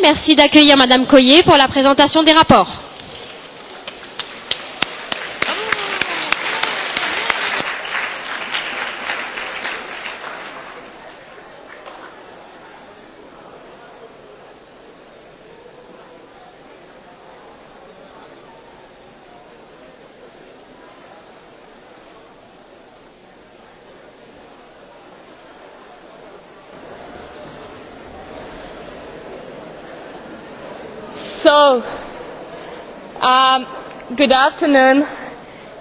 merci d'accueillir Madame Collier pour la présentation des rapports. good afternoon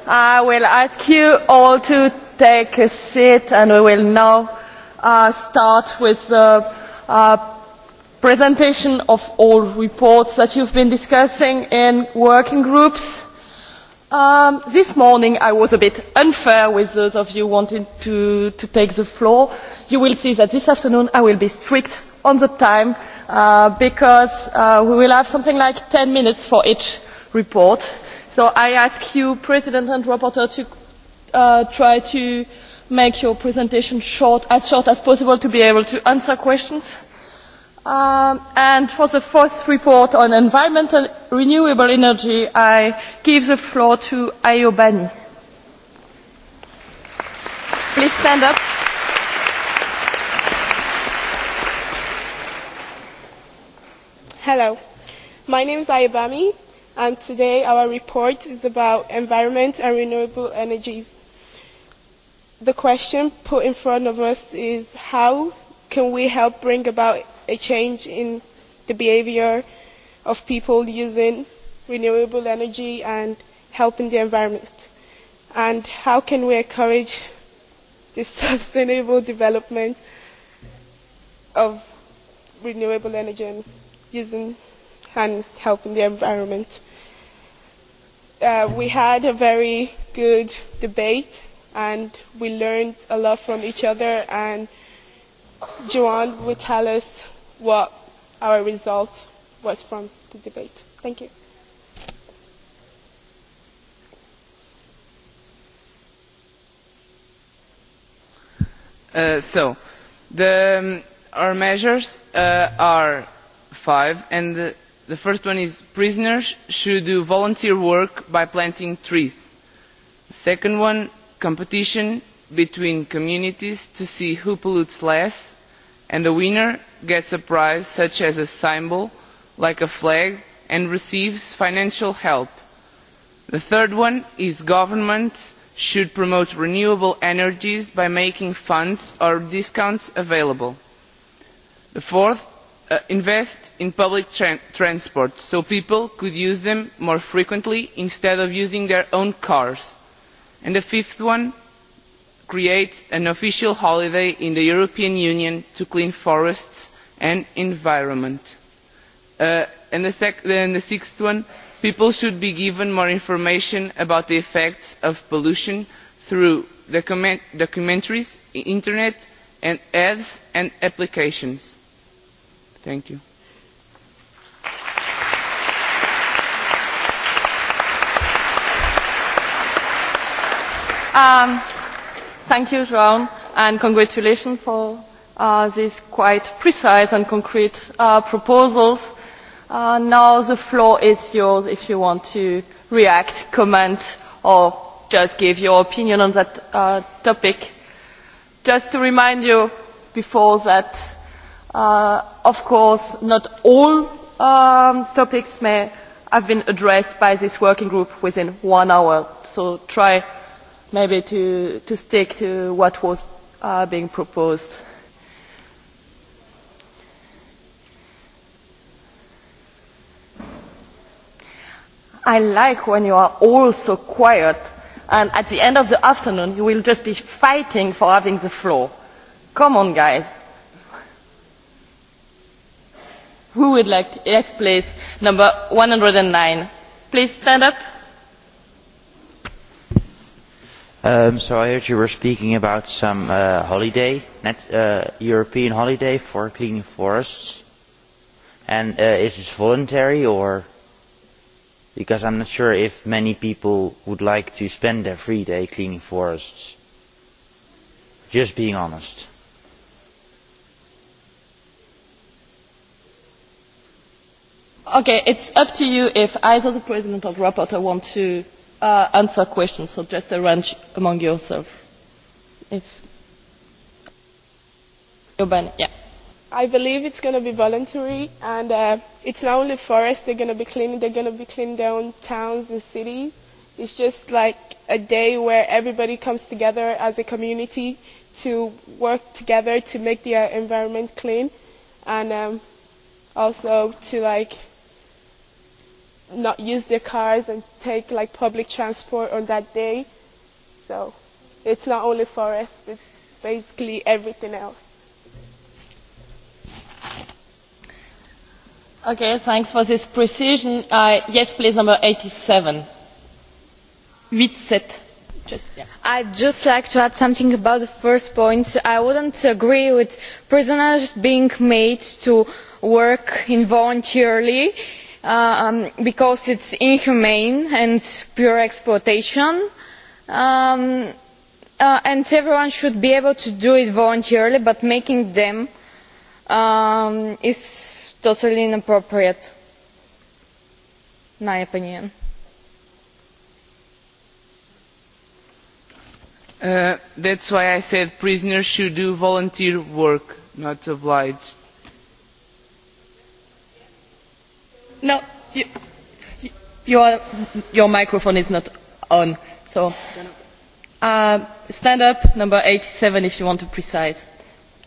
i will ask you all to take a seat and we will now uh, start with the uh, presentation of all reports that you have been discussing in working groups. Um, this morning i was a bit unfair with those of you wanting to, to take the floor. you will see that this afternoon i will be strict on the time uh, because uh, we will have something like ten minutes for each report. Uh, so i ask you president and rapporteur to uh, try to make your presentation as short as possible to be able to answer questions. Um, and for the fourth report on environment and renewable energy i give the floor to ayo bani. please stand up. hello. my name is ayo bani and today our report is about the environment and renewable energy. the question put in front of us is how can we help bring about a change in the behaviour of people using renewable energy and helping the environment? and how can we encourage the sustainable development of renewable energy and, using and helping the environment? Uh, we had a very good debate and we learned a lot from each other and joan rivera will tell us what our result was from the debate. thank you. Uh, so, the, um, our measures uh, are five, and the first one is prisoners should do volunteer work by planting trees. the second one competition between communities to see who pollutes less and the winner gets a prize such as a symbol like a flag and receives financial help. the third one is governments should promote renewable energies by making funds or discounts available. the fourth Uh, invest in public transport so people could use them more frequently instead of using their own cars and the fifth one create an official holiday in the european union to clean forests and environment. Uh, and the sixth one people should be given more information about the effects of pollution through documentaries internet ads and applications. Thank you. Um, thank you, Joan, and congratulations for uh, these quite precise and concrete uh, proposals. Uh, now the floor is yours if you want to react, comment, or just give your opinion on that uh, topic. Just to remind you before that Uh, of course not all um, topics may have been addressed by this working group within one hour so try maybe to stick to what was uh, being proposed. i like it when you are all so quiet and at the end of the afternoon you will just be fighting to have the floor. come on guys! Um, so i heard you were speaking about some uh, holiday a uh, european holiday for cleaning forests and uh, is this voluntary or because i'm not sure if many people would like to spend their free day cleaning forests just being honest. it is up to you if either the president or the rapporteur want to uh, answer questions so just arrange among yourselves. i believe it is going to be voluntary and uh, it is not only forests they are going to be cleaning they are going to be cleaning their own towns and cities. it is just like a day where everybody comes together as a community to work together to make the uh, environment clean and um, also to like not use their cars and take like public transport on that day. So it's not only forest, it's basically everything else. Okay, thanks for this precision. Uh, yes, please, number 87. Eight, just, yeah. I'd just like to add something about the first point. I wouldn't agree with prisoners being made to work involuntarily. Uh, Uh, um, because it is inhumane and pure exploitation um, uh, and everyone should be able to do it voluntarily but making them um, is totally inappropriate in my opinion. Uh, that is why i said prisoners should do volunteer work not obliged. No, your microphone is not on so uh, stand up number eighty seven if you want to be precise.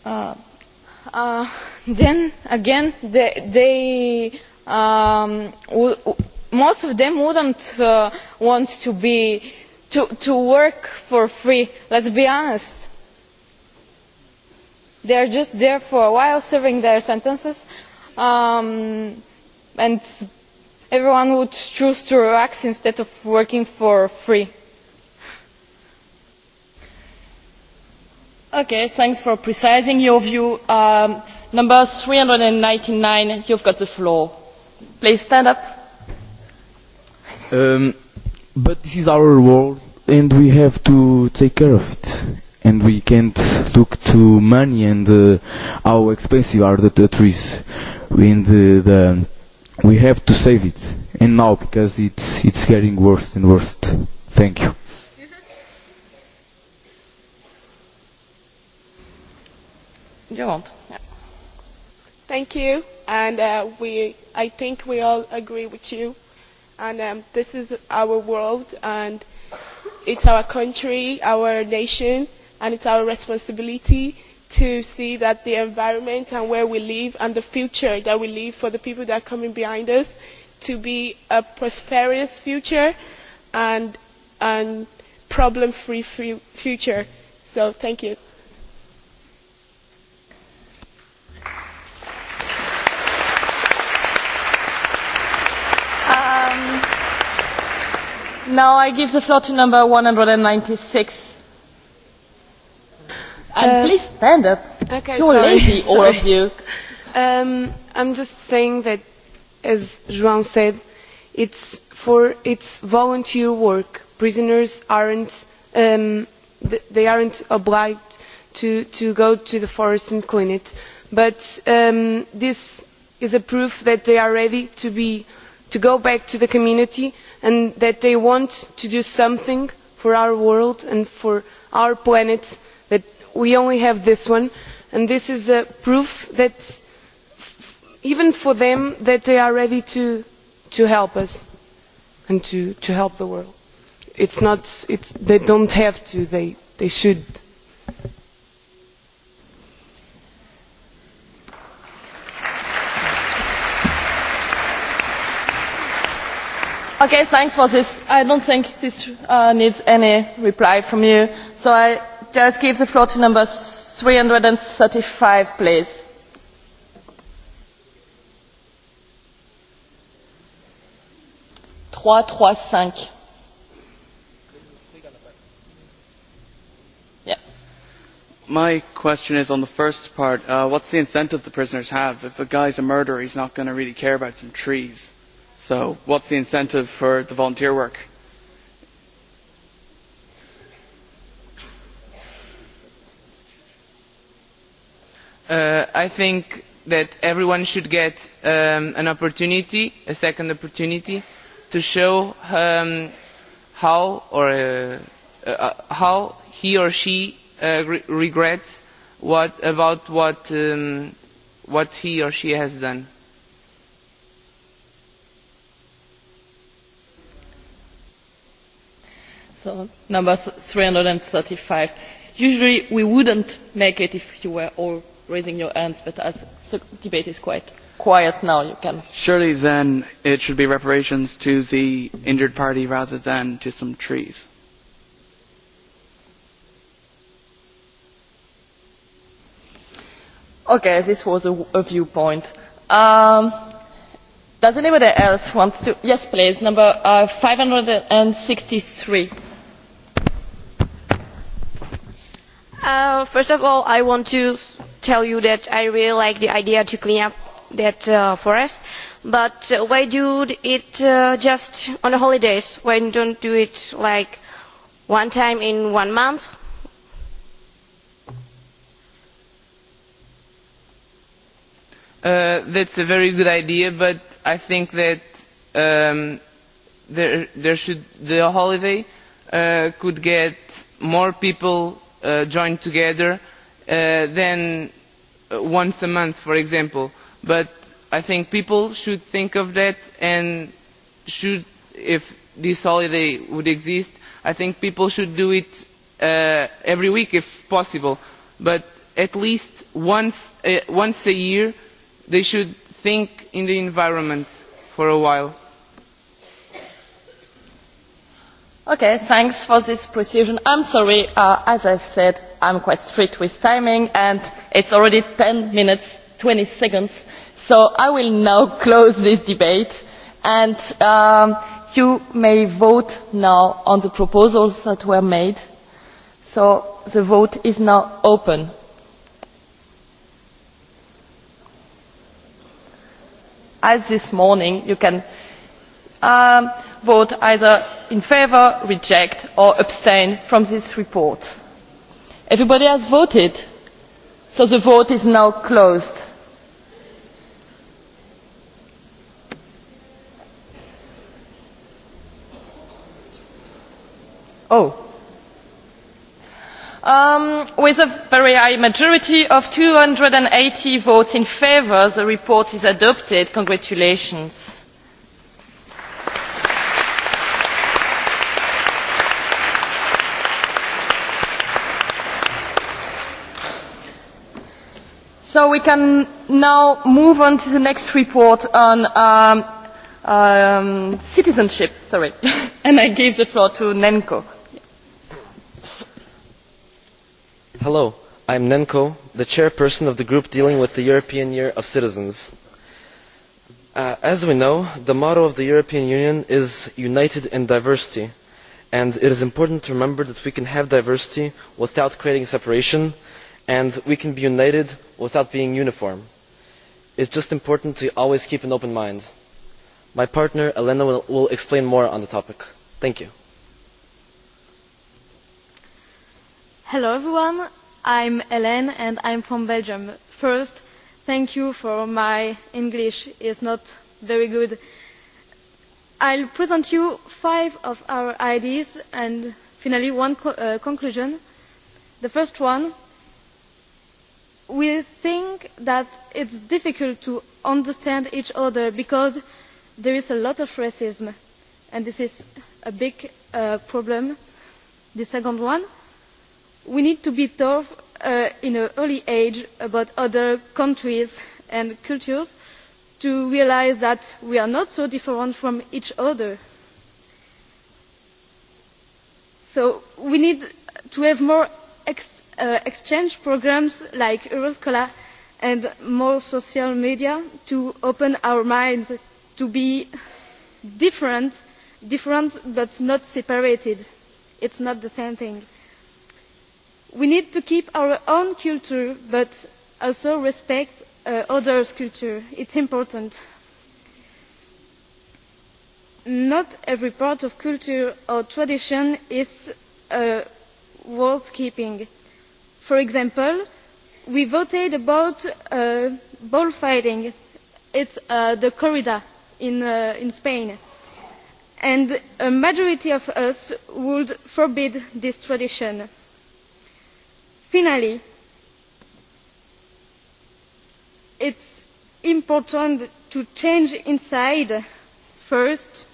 Uh, uh, then again they um, most of them wouldn't want to be to work for free let's be honest. they are just there for a while serving their sentences um, and everyone would choose to relax instead of working for free. okay thanks for precising your view. Um, number three hundred and ninety nine you have got the floor. please stand up. Um, but this is our world and we have to take care of it. And we can't look to money and uh, how expensive are the, the trees. And uh, the, the we have to save it and now because it's it's getting worse and worse thank you thank you and uh, we i think we all agree with you and um, this is our world and it's our country our nation and it's our responsibility to see that the environment and where we live and the future that we leave for the people that are coming behind us to be a prosperous future and a problem free future. So thank you. Um, now I give the floor to number 196. And uh, please stand up. Okay, You're sorry. lazy, all sorry. of you. Um, I'm just saying that, as João said, it's for it's volunteer work. Prisoners aren't um, th- they aren't obliged to to go to the forest and clean it, but um, this is a proof that they are ready to be to go back to the community and that they want to do something for our world and for our planet we only have this one and this is proof even for them that they are ready to help us and to help the world. they do not have to they should. thanks for this. i do not think this uh, needs any reply from you so just give the floor to number three hundred and thirty five please. my question is on the first part uh, what's the incentive the prisoners have if a guy's a murderer he's not going to really care about some trees so what's the incentive for the volunteer work? Uh, i think that everyone should get um, an opportunity a second opportunity to show um, uh, uh, how he or she regrets about um, what he or she has done. so number three hundred and thirty five usually we would not make it if you were all raising your hands but as the debate is quite quiet now you can. surely then it should be reparations to the injured party rather than to some trees. Okay, this was a, a viewpoint. Um, does anybody else want to? Yes, please. Number uh, 563. Uh, first of all, I want to tell you that i really like the idea to clean up that uh, forest but why do it uh, just on the holidays why do you not do it like one time in one month? Uh, that's a very good idea, but I think that um, there, there should the holiday uh, could get more people uh, joined together Uh, than uh, once a month for example but i think people should think of that and should if this holiday would exist i think people should do it uh, every week if possible but at least once uh, once a year they should think in the environment for a while thanks for this precision. i am sorry uh, as i said i am quite strict with timing and it is already ten minutes and twenty seconds so i will now close this debate and um, you may vote now on the proposals that were made. so the vote is now open. as this morning you can um, vote either in favour reject or abstain on this report. everybody has voted so the vote is now closed. Oh. Um, with a very high majority of two hundred and eighty votes in favour the report is adopted. congratulations. we can now move on to the next report on um, um, citizenship and i give the floor to nenko. hello i am nenko the chairperson of the group dealing with the european year of citizens. Uh, as we know the motto of the european union is united in diversity and it is important to remember that we can have diversity without creating separation and we can be united without being uniform. it is just important to always keep an open mind. my partner elena will explain more on the topic. thank you. hello everyone. i am elena and i am from belgium. first, thank you for my english. it is not very good. i will present you five of our ideas and finally one co- uh, conclusion. the first one we think that it is difficult to understand each other because there is a lot of racism and this is a big uh, problem. The second one, we need to be tough uh, in an early age about other countries and cultures to realise that we are not so different from each other. So we need to have more Uh, exchange programmes like euroscholar and more social media to open our minds to be different different but not separated. it is not the same thing. we need to keep our own culture but also respect uh, others' culture. it is important. not every part of culture or tradition is uh, worth keeping. For example, we voted about uh, bullfighting. It's uh, the corrida in, uh, in Spain. And a majority of us would forbid this tradition. Finally, it's important to change inside first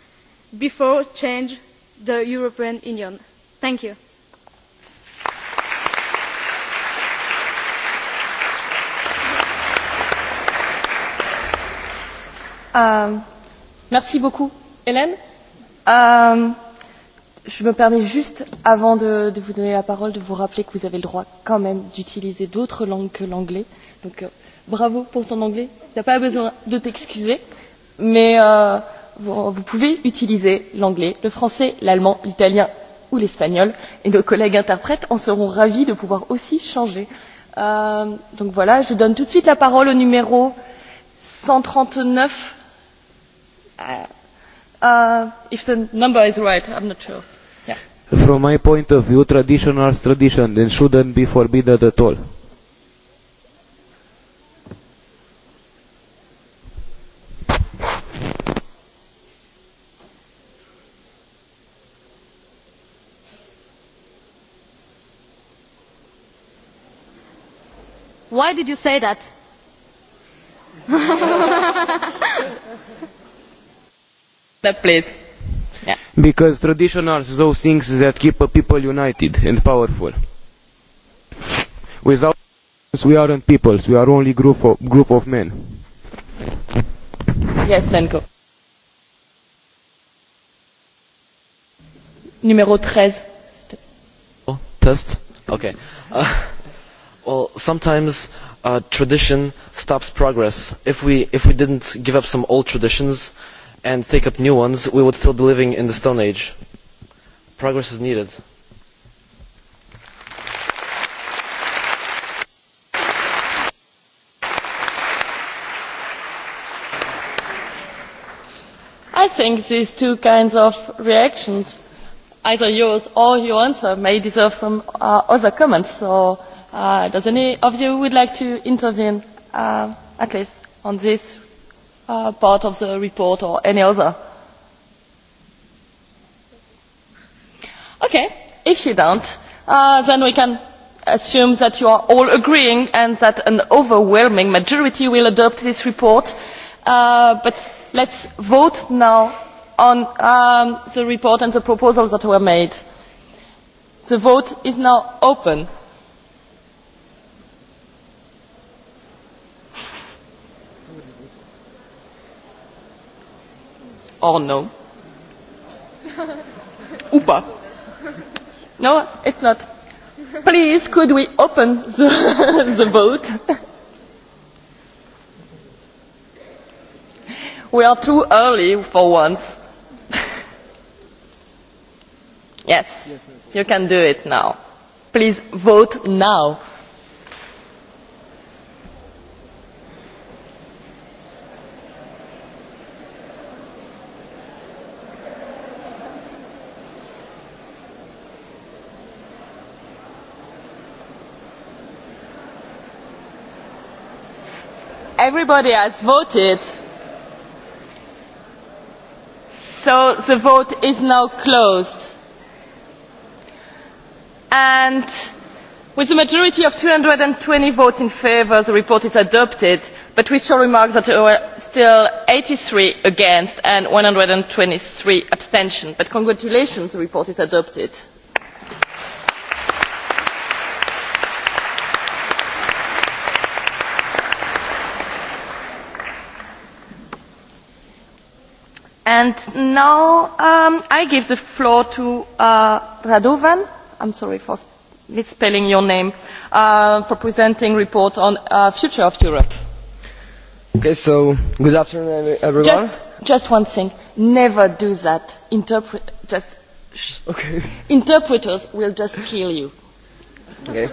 before change the European Union. Thank you. Euh, merci beaucoup hélène. Euh, je me permets juste avant de vous donner la parole de vous rappeler que vous avez le droit quand même d'utiliser d'autres langues que l'anglais donc euh, bravo pour ton anglais tu n'as pas besoin de t'excuser mais vous pouvez utiliser l'anglais le français l'allemand l'italien ou l'espagnol et nos collègues interprètes en seront ravis de pouvoir aussi changer. donc voilà je donne tout de suite la parole au numéro cent trente neuf monsieur Uh, uh, if the number is right, I'm not sure. Yeah. From my point of view, tradition is tradition and shouldn't be forbidden at all. Why did you say that? Because tradition are those things that keep a people united and powerful. Without traditions we aren't peoples, we are only group of, group of men. Yes, Lenko. Numero 13. Test? Okay. Uh, well, sometimes uh, tradition stops progress. If we, if we didn't give up some old traditions, uh, and take up new ones we would still be living in the stone age progress is needed i think these two kinds of reactions either yours or your answer may deserve some uh, other comments so uh, does any of you would like to intervene uh, at least on this Uh, part of the report or any other. ok if you do not uh, then we can assume that you are all agreeing and that an overwhelming majority will adopt this report uh, but let us vote now on um, the report and the proposals that were made. the vote is now open. all know. UPA. No, it's not. Please, could we open the, the vote? We are too early for once. yes, no, you can do it now. Please vote now. everybody has voted so the vote is now closed and with a majority of two hundred and twenty votes in favour the report is adopted but we shall remark that there were still eighty three against and one hundred and twenty three abstentions but congratulations the report is adopted. and now um, I give the floor to uh, Radovan. I'm sorry for misspelling your name uh, for presenting report on uh, future of Europe. Okay, so good afternoon, everyone. Just, just one thing: never do that. Interpret just. Okay. Interpreters will just kill you. Okay.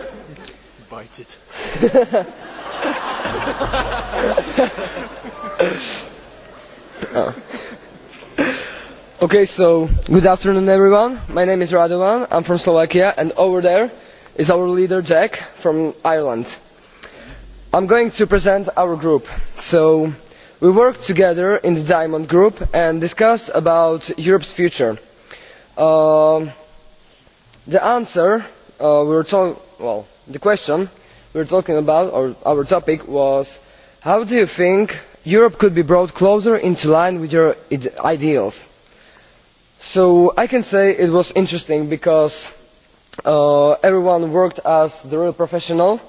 Bite it. oh okay, so good afternoon, everyone. My name is Radovan. I'm from Slovakia, and over there is our leader Jack from Ireland. I'm going to present our group. So we worked together in the Diamond Group and discussed about Europe's future. Uh, the answer uh, we were talk- well, the question we were talking about, or our topic was, how do you think europe could be brought closer into line with your ideals. so i can say it was interesting because uh, everyone worked as the real professional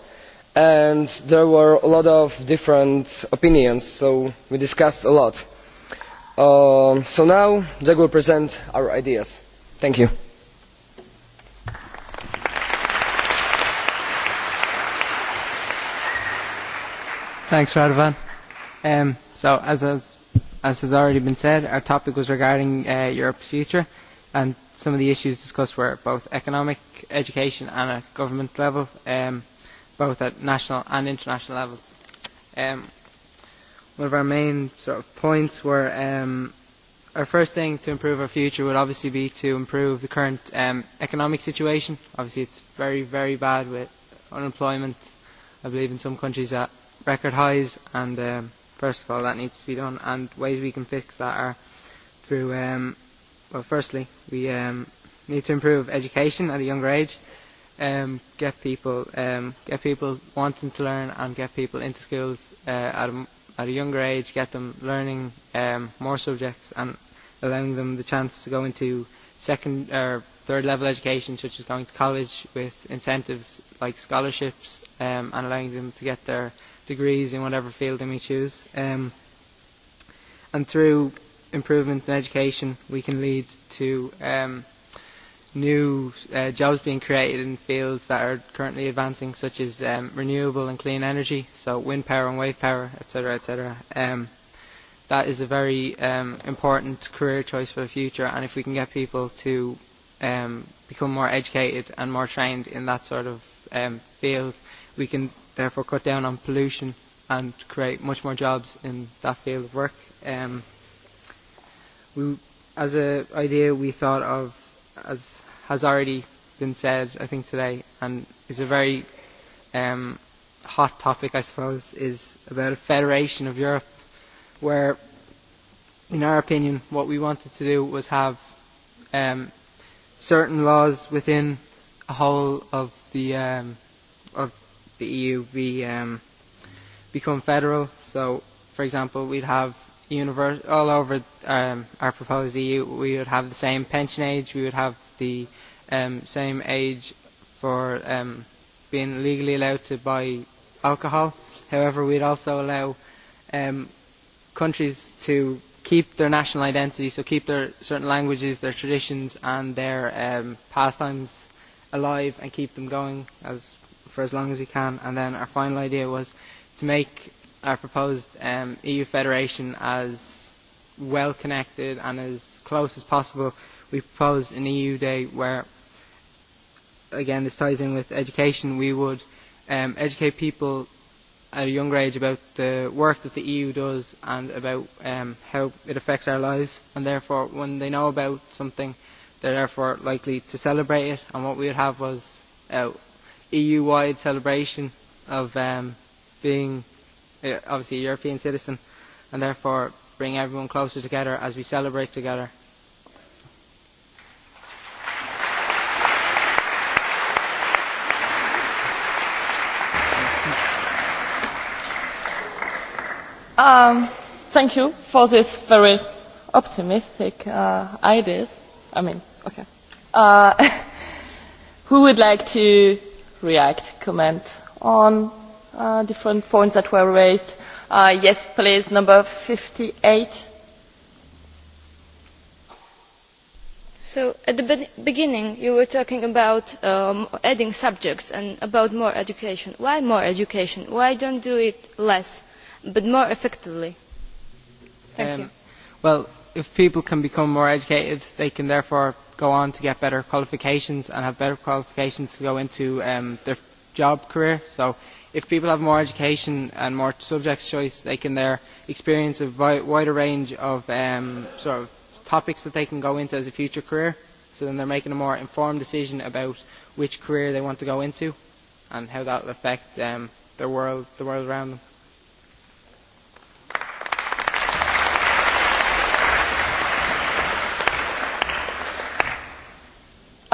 and there were a lot of different opinions so we discussed a lot. Uh, so now jack will present our ideas. thank you. thanks radovan. Um, so, as, as as has already been said, our topic was regarding uh, Europe's future, and some of the issues discussed were both economic, education, and at government level, um, both at national and international levels. Um, one of our main sort of points were um, our first thing to improve our future would obviously be to improve the current um, economic situation. Obviously, it's very, very bad with unemployment. I believe in some countries at record highs and. Um, first of all, that needs to be done, and ways we can fix that are through, um, well, firstly, we um, need to improve education at a younger age, um, get people um, get people wanting to learn, and get people into schools uh, at, a, at a younger age, get them learning um, more subjects, and allowing them the chance to go into second or uh, third level education such as going to college with incentives like scholarships um, and allowing them to get their degrees in whatever field they may choose. Um, and through improvement in education we can lead to um, new uh, jobs being created in fields that are currently advancing such as um, renewable and clean energy, so wind power and wave power, etc. etc. Um, that is a very um, important career choice for the future and if we can get people to um, become more educated and more trained in that sort of um, field, we can therefore cut down on pollution and create much more jobs in that field of work. Um, we, as an idea, we thought of, as has already been said, I think today, and is a very um, hot topic, I suppose, is about a federation of Europe, where, in our opinion, what we wanted to do was have um, certain laws within a whole of the um, of the EU be um, become federal. So, for example, we'd have universe, all over um, our proposed EU. We would have the same pension age. We would have the um, same age for um, being legally allowed to buy alcohol. However, we'd also allow um, countries to keep their national identity so keep their certain languages their traditions and their um, pastimes alive and keep them going as for as long as we can and then our final idea was to make our proposed um, EU federation as well connected and as close as possible we propose an EU day where again this ties in with education we would um, educate people at a younger age about the work that the eu does and about um, how it affects our lives and therefore when they know about something they're therefore likely to celebrate it and what we'd have was an eu wide celebration of um, being uh, obviously a european citizen and therefore bring everyone closer together as we celebrate together. Um, thank you for these very optimistic uh, ideas. Uh, who would like to react comment on uh, different points that were raised? yes please number fifty eight. so at the beginning you were talking about um, adding subjects and about more education. why more education? why don't do it less? but more effectively. Thank um, you. Well, if people can become more educated, they can therefore go on to get better qualifications and have better qualifications to go into um, their job career. So if people have more education and more subject choice, they can there experience a wider range of um, sort of topics that they can go into as a future career. So then they're making a more informed decision about which career they want to go into and how that will affect um, their world, the world around them.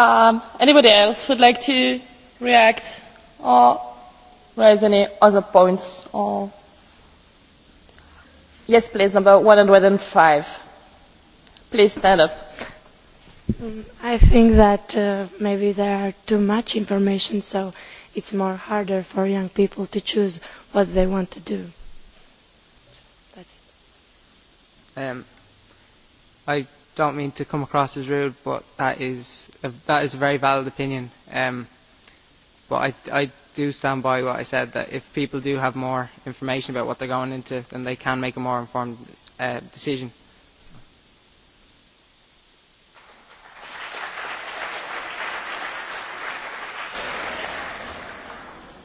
Um, anybody else would like to react or raise any other points or yes please number 105 please stand up um, i think that uh, maybe there are too much information so it's more harder for young people to choose what they want to do so that's it um, i don't mean to come across as rude, but that is a, that is a very valid opinion. Um, but I, I do stand by what I said that if people do have more information about what they're going into, then they can make a more informed uh, decision. So.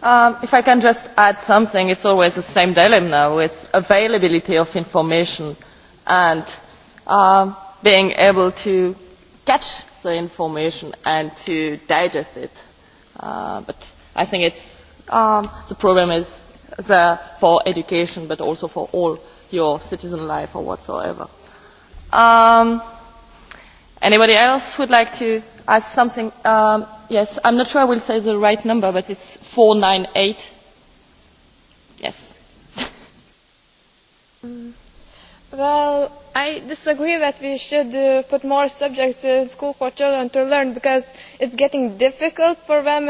Um, if I can just add something, it's always the same dilemma with availability of information and. Um, being able to catch the information and to digest it uh, but i think um, the problem is there for education but also for all your citizen life or whatsoever. Um, anybody else would like to ask something? Um, yes i'm not sure i will say the right number but it's four nine eight yes mm. well i disagree that we should uh, put more subjects in school for children to learn because it is getting difficult for them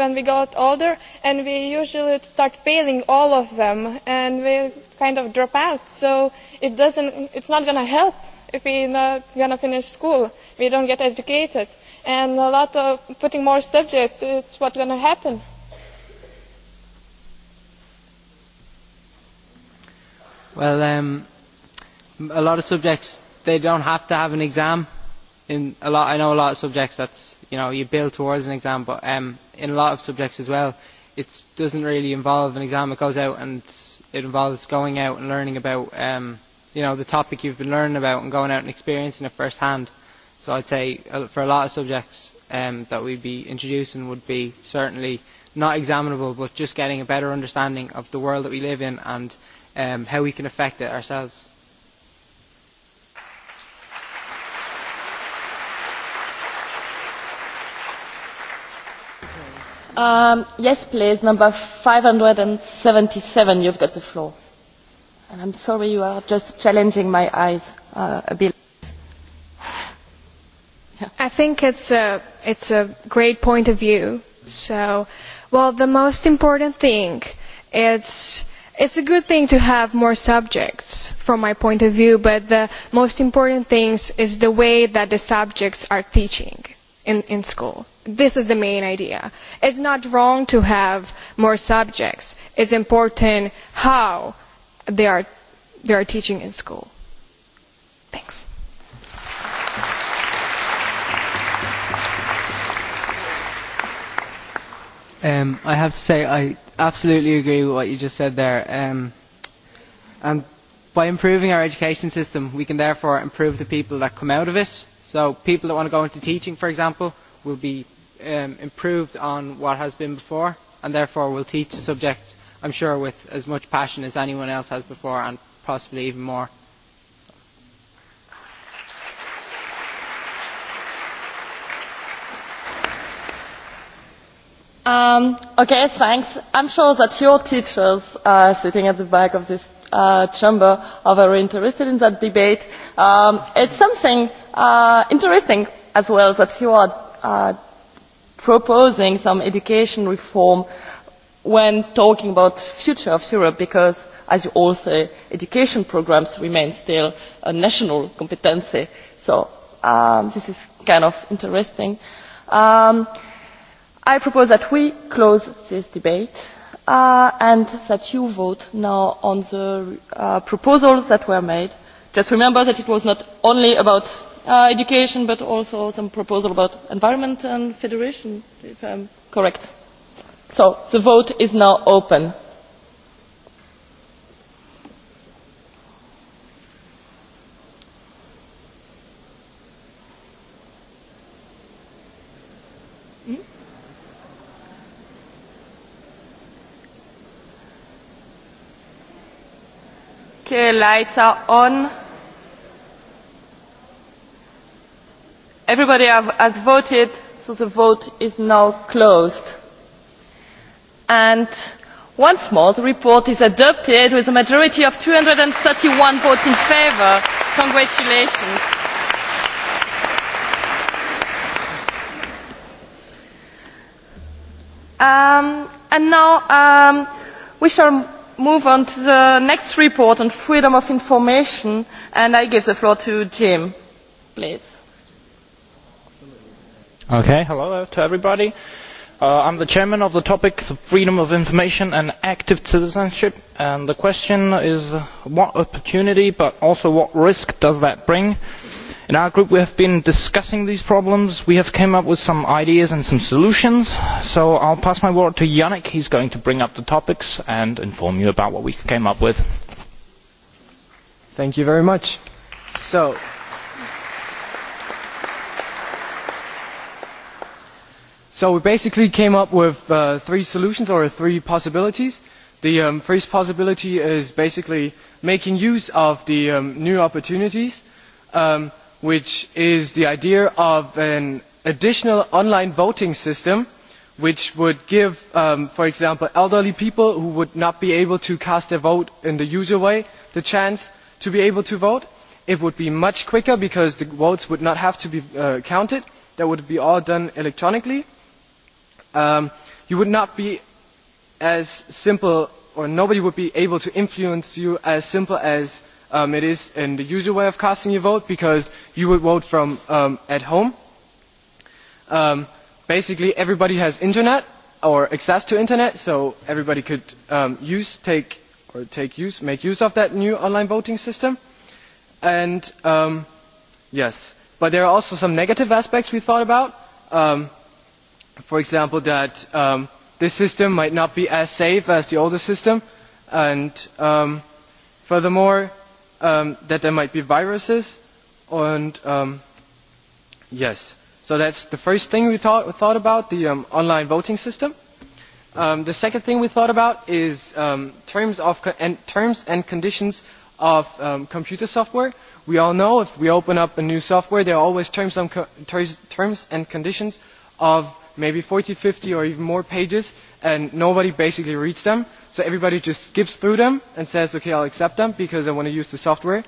when they get older and they usually start failing all of them and they kind of drop out so it is not going to help if we are not going to finish school we do not get educated and putting more subjects is what is going to happen. Um, a lot of subjects they don't have to have an exam in a lot I know a lot of subjects that's you know you build towards an exam but um, in a lot of subjects as well it doesn't really involve an exam it goes out and it involves going out and learning about um, you know the topic you've been learning about and going out and experiencing it first hand so I'd say uh, for a lot of subjects um, that we'd be introducing would be certainly not examinable but just getting a better understanding of the world that we live in and um, how we can affect it ourselves. Um, uh, i think it is a great point of view. the most important thing is that it is a good thing to have more subjects from my point of view but the most important thing is the way that the subjects are taught in school this is the main idea. it is not wrong to have more subjects it is important how they are taught in school. Um, I have to say, I absolutely agree with what you just said there. Um, and by improving our education system, we can therefore improve the people that come out of it. So, people that want to go into teaching, for example, will be um, improved on what has been before and therefore will teach the subject, I'm sure, with as much passion as anyone else has before and possibly even more. Um, okay, thanks. I'm sure that your teachers uh, sitting at the back of this uh, chamber are very interested in that debate. Um, it's something uh, interesting as well that you are proposing some education reform when talking about the future of europe because as you all say education programmes remain still a national competence so um, this is kind of interesting. Um, i propose that we close this debate uh, and that you vote now on the uh, proposals that were made. just remember that it was not only about Uh, education but also some proposals about environment and federation if i am correct. the vote is now open. the hmm? lights are everybody has voted so the vote is now closed. once more the report is adopted with a majority of two hundred and thirty one votes in favour. congratulations. Um, now um, we shall move on to the next report on freedom of information and i give the floor to jim please hello to everybody. Uh, i am the chairman of the topic of freedom of information and active citizenship and the question is what opportunity but also what risk does that bring? in our group we have been discussing these problems. we have come up with some ideas and some solutions so i will pass my word to yannick who is going to bring up the topics and inform you about what we came up with. thank you very much. so So we basically came up with uh, three solutions or three possibilities. The um, first possibility is basically making use of the um, new opportunities, um, which is the idea of an additional online voting system, which would give, um, for example, elderly people who would not be able to cast their vote in the usual way the chance to be able to vote. It would be much quicker because the votes would not have to be uh, counted. That would be all done electronically um, you would not be as simple or nobody would be able to influence you as simple as um, it is in the usual way of casting your vote because you would vote from um, at home. Um, basically everybody has internet or access to internet so everybody could um, use, take or take use, make use of that new online voting system. And um, yes, but there are also some negative aspects we thought about. Um, for example, that um, this system might not be as safe as the older system, and um, furthermore, um, that there might be viruses, and um, yes. So that's the first thing we thought, we thought about, the um, online voting system. Um, the second thing we thought about is um, terms, of co and terms and conditions of um, computer software. We all know if we open up a new software, there are always terms, co terms and conditions of maybe 40, 50 or even more pages and nobody basically reads them. So everybody just skips through them and says, okay, I'll accept them because I want to use the software.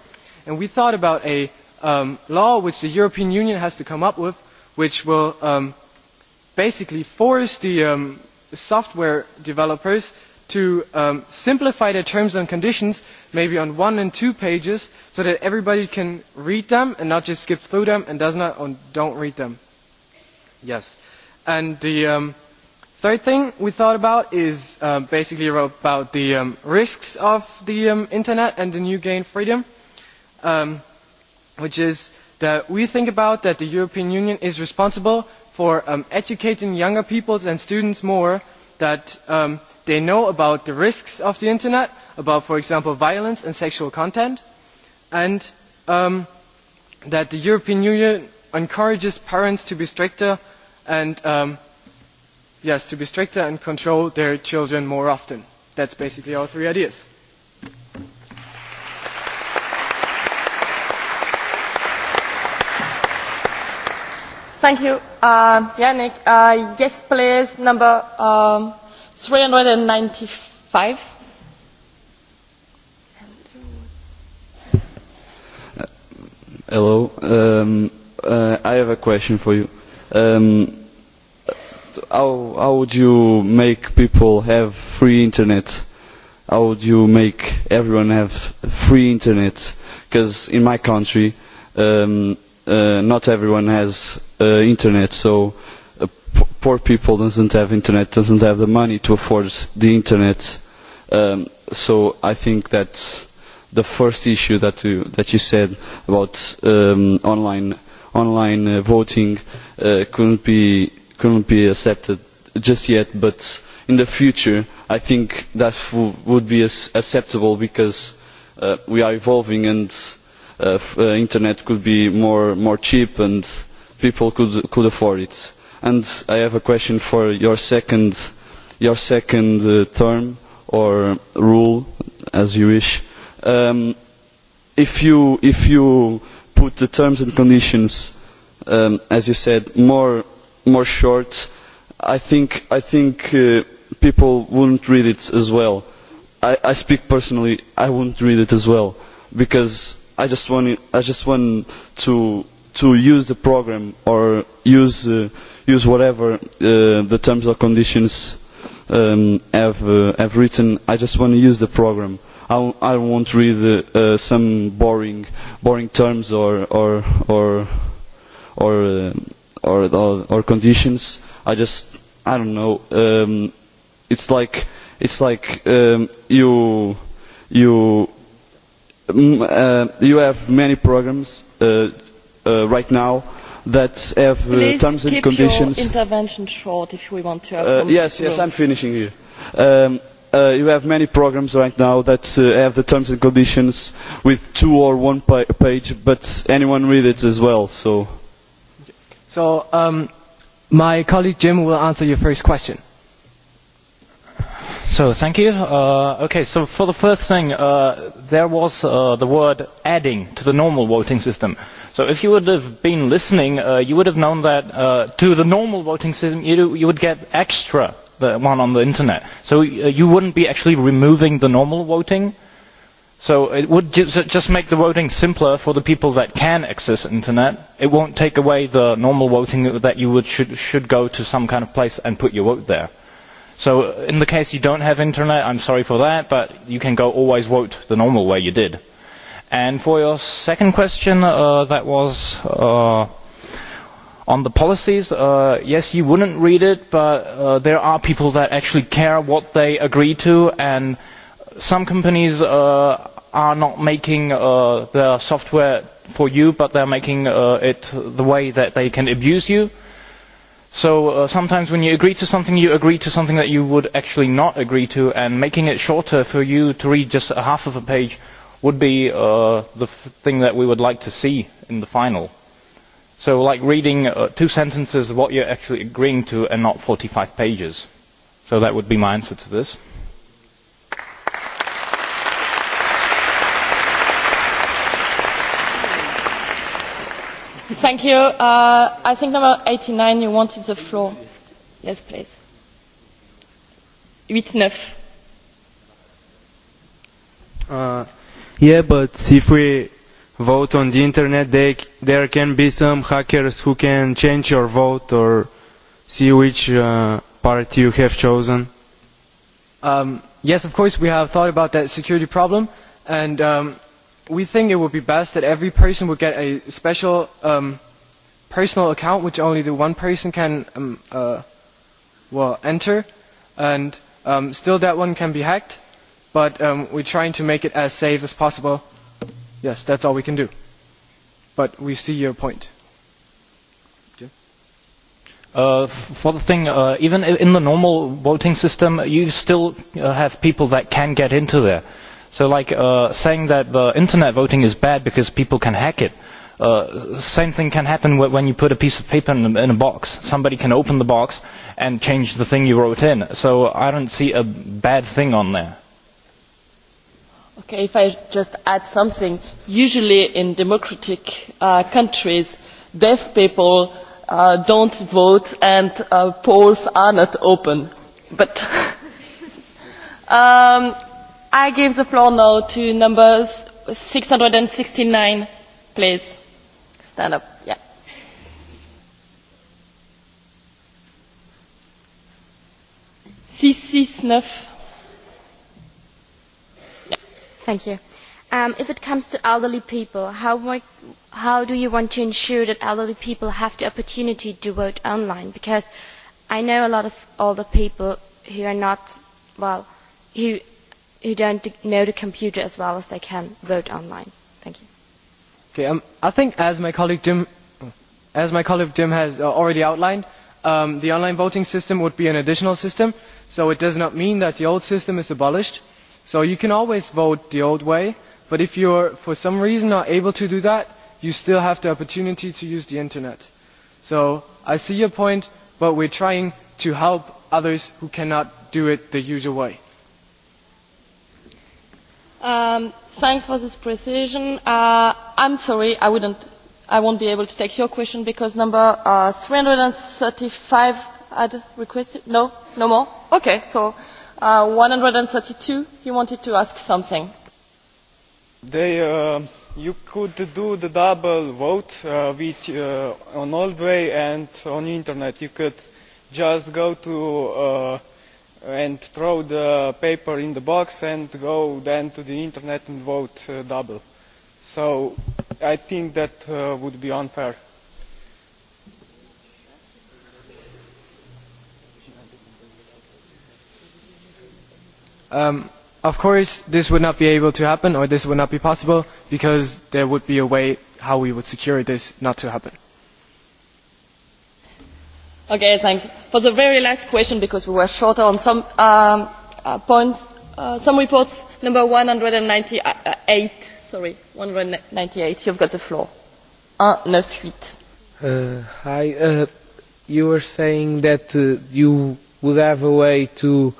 And we thought about a um, law which the European Union has to come up with which will um, basically force the um, software developers to um, simplify their terms and conditions maybe on one and two pages so that everybody can read them and not just skip through them and does not or don't read them. Yes. And the um, third thing we thought about is uh, basically about the um, risks of the um, internet and the new gain freedom, um, which is that we think about that the European Union is responsible for um, educating younger peoples and students more that um, they know about the risks of the internet, about, for example, violence and sexual content, and um, that the European Union encourages parents to be stricter and um, yes, to be stricter and control their children more often. That's basically our three ideas. Thank you. Uh, Yannick, uh, yes, please, number um, 395. Uh, hello. Um, uh, I have a question for you um, how, how would you make people have free internet? How would you make everyone have free internet? Because in my country, um, uh, not everyone has uh, internet, so uh, p poor people doesn't have internet, doesn't have the money to afford the internet. Um, so I think that the first issue that you, that you said about um, online, online uh, voting, Uh, couldn't be couldn't be accepted just yet but in the future i think that would be acceptable because uh, we are evolving and the uh, internet could be more more cheap and people could could afford it and i have a question for your second your second term or rule as you wish um if you if you put the terms and conditions Um, as you said more short i think uh, people would not read it as well. i speak personally i would not read it as well because i just want to use the programme or use uh, whatever uh, the terms or conditions um, have written i just want to use the programme. i will not read some boring terms or uh, or or conditions. I just I don't know. Um, it's like it's like um, you you mm, uh, you have many programs uh, uh, right now that have uh, terms and conditions. Please keep intervention short if we want to. Have uh, yes, yes, I'm finishing here. Um, uh, you have many programs right now that uh, have the terms and conditions with two or one pa page, but anyone read it as well. So, uh, So um, my colleague Jim will answer your first question. So thank you. Uh, okay, so for the first thing, uh, there was uh, the word adding to the normal voting system. So if you would have been listening, uh, you would have known that uh, to the normal voting system, you, you would get extra the one on the internet. So uh, you wouldn't be actually removing the normal voting. Uh, so it would just make the voting simpler for the people that can access the internet. it will not take away the normal voting that you should go to some kind of place and put your vote there. so uh, in the case you do not have internet i am sorry for that but you can always vote the normal way you did. and for your second question uh, that was uh, on the policies, uh, yes, you wouldn't read it, but uh, there are people that actually care what they agree to, and some companies uh, are not making uh, their software for you but they are making uh, it the way that they can abuse you. so uh, sometimes when you agree to something you agree to something that you would actually not agree to and making it shorter for you to read just half of a page would be the thing that we would like to see in the final. so like reading two sentences of what you are actually agreeing to and not forty five pages. so that would be my answer to this. Uh, uh, but if we vote on the internet they, there can be some hackers who can change your vote or see which uh, party you have chosen. Um, yes, of course, we have thought about that security problem, and um, we think it would be best that every person would get a special um, personal account which only the one person can um, uh, well enter and um, still that one can be hacked but um, we're trying to make it as safe as possible yes that's all we can do but we see your point uh, for the thing, uh, even in the normal voting system, you still uh, have people that can get into there. Uh, So, like uh, saying that the internet voting is bad because people can hack it. Uh, same thing can happen when you put a piece of paper in a, in a box. Somebody can open the box and change the thing you wrote in. So I don't see a bad thing on there. Okay, if I just add something. Usually in democratic uh, countries, deaf people uh, don't vote and uh, polls are not open. But um, i give the floor now to number six hundred and sixty nine please stand up. Um, if it comes to elderly people how do you want to ensure that elderly people have the opportunity to vote online because i know a lot of older people who are not well who who don't know the computer as well as they can vote online. Thank you. Okay, um, I think as my colleague Jim, as my colleague Jim has uh, already outlined, um, the online voting system would be an additional system, so it does not mean that the old system is abolished. So you can always vote the old way, but if you're for some reason not able to do that, you still have the opportunity to use the internet. So I see your point, but we're trying to help others who cannot do it the usual way thanks for this precision. Uh, i am sorry i will not be able to take your question because number uh, three hundred and thirty five had requested no no more? ok so uh, one hundred and thirty two you wanted to ask something. you could do the double vote with an old way and on the internet. you could just go to and throw the paper in the box and go then to the internet and vote uh, double. So I think that uh, would be unfair. Um, of course, this would not be able to happen or this would not be possible because there would be a way how we would secure this not to happen okay thanks for the very last question because we were short on some um, uh, points uh, some reports number one hundred and ninety eight sorry one hundred and ninety eight you've got the floor uh, hi you were saying that you would have a way to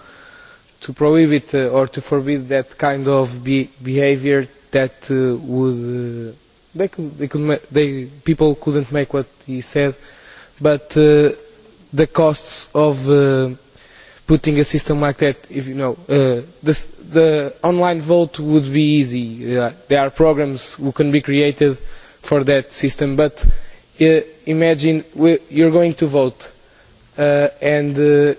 to prohibit or to forbid that kind of be behavior that would they could, they could they people couldn't make what he said but uh, the costs of uh, putting a system like that. If you know, uh, this, the online vote would be easy. Uh, there are programs who can be created for that system. But uh, imagine we, you're going to vote, uh, and uh,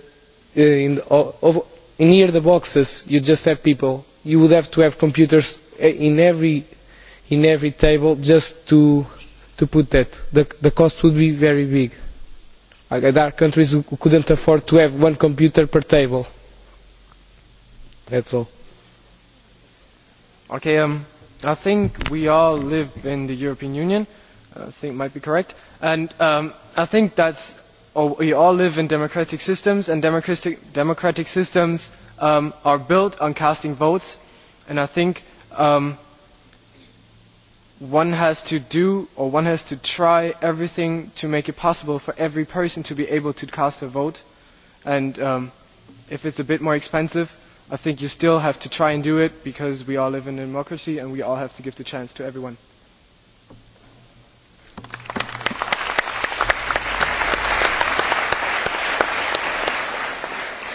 in, uh, over, in near the boxes you just have people. You would have to have computers uh, in every in every table just to to put that. The, the cost would be very big like there are countries who couldn't afford to have one computer per table. That's all. Okay, um, I think we all live in the European Union. I think might be correct. And um, I think that's oh, we all live in democratic systems, and democratic, democratic systems um, are built on casting votes. And I think um, one has to do or one has to try everything to make it possible for every person to be able to cast a vote. And um, if it's a bit more expensive, I think you still have to try and do it because we all live in a democracy and we all have to give the chance to everyone.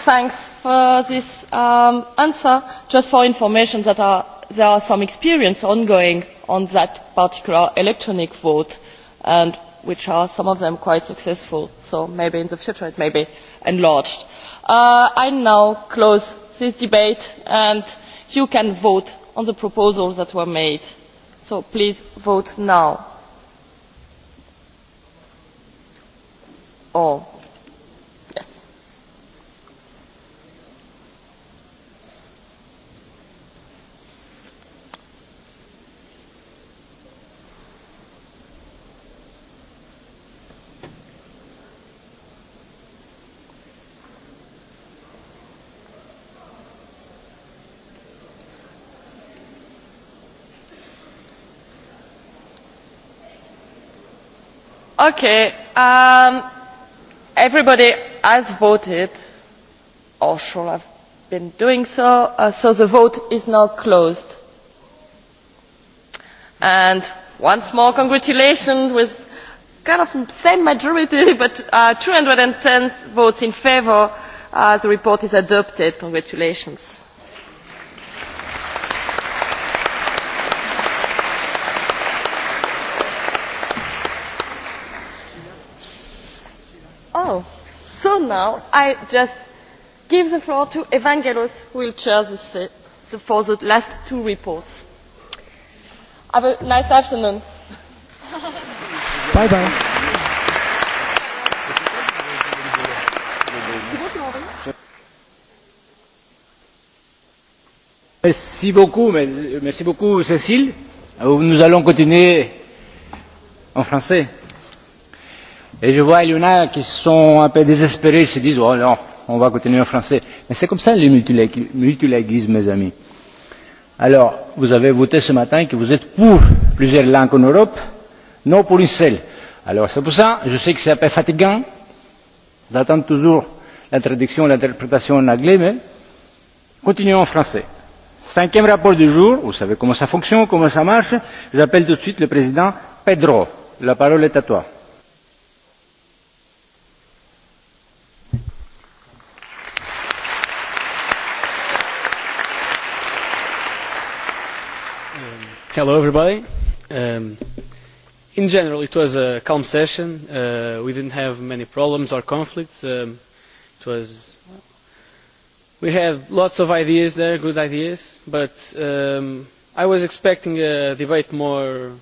Thanks for this um, answer. Just for information, that are, there are some experience ongoing on that particular electronic vote which are some of them quite successful so maybe in the future it may be enlarged. Uh, i now close this debate and you can vote on the proposals that were made so please vote now or Um, everybody has voted or should have been doing so uh, so the vote is now closed. once more congratulations with kind of the same majority but uh, two hundred and ten votes in favour uh, the report is adopted. congratulations. until now i just give the floor to evangelos who will chair for the last two reports. have a nice afternoon. bye bye. Merci beaucoup, merci beaucoup Cécile. Nous allons continuer en français et je vois il y en a qui sont un peu désespérés ils se disent oh non on va continuer en français mais c'est comme ça le multilinguisme mes amis alors vous avez voté ce matin que vous êtes pour plusieurs langues en Europe non pour une seule alors c'est pour ça je sais que c'est un peu fatigant d'attendre toujours la traduction l'interprétation en anglais mais continuons en français cinquième rapport du jour vous savez comment ça fonctionne comment ça marche j'appelle tout de suite le président Pedro la parole est à toi Hello, everybody. Um, in general, it was a calm session. Uh, we didn't have many problems or conflicts. Um, it was. We had lots of ideas there, good ideas, but um, I was expecting a debate more,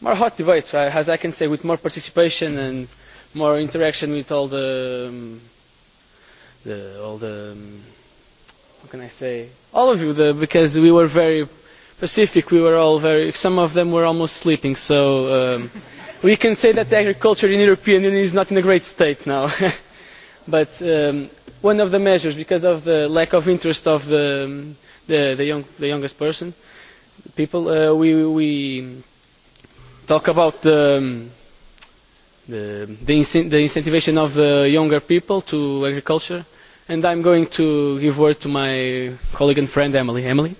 more hot debate, right? as I can say, with more participation and more interaction with all the, um, the all the, um, what can I say, all of you, the, because we were very Pacific, we were all very. Some of them were almost sleeping. So um, we can say that the agriculture in the European Union is not in a great state now. but um, one of the measures, because of the lack of interest of the the, the, young, the youngest person, people, uh, we we talk about the. Um, the, the, incent the incentivation of the younger people to agriculture, and I'm going to give word to my colleague and friend Emily. Emily.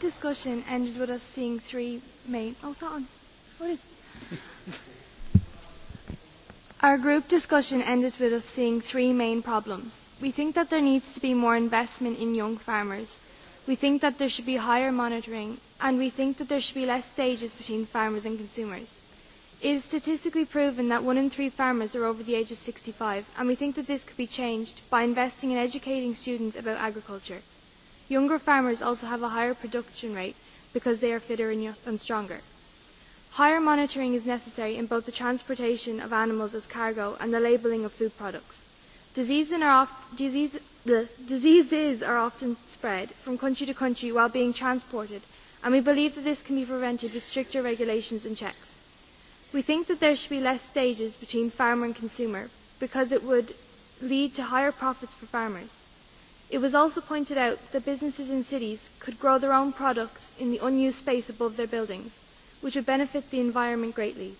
discussion ended with us seeing three main. Oh, it's not on. What is? Our group discussion ended with us seeing three main problems. We think that there needs to be more investment in young farmers. We think that there should be higher monitoring, and we think that there should be less stages between farmers and consumers. It is statistically proven that one in three farmers are over the age of 65, and we think that this could be changed by investing in educating students about agriculture. Younger farmers also have a higher production rate because they are fitter and stronger. Higher monitoring is necessary in both the transportation of animals as cargo and the labelling of food products. Diseases are, oft- disease- the diseases are often spread from country to country while being transported, and we believe that this can be prevented with stricter regulations and checks. We think that there should be less stages between farmer and consumer because it would lead to higher profits for farmers it was also pointed out that businesses in cities could grow their own products in the unused space above their buildings which would benefit the environment greatly.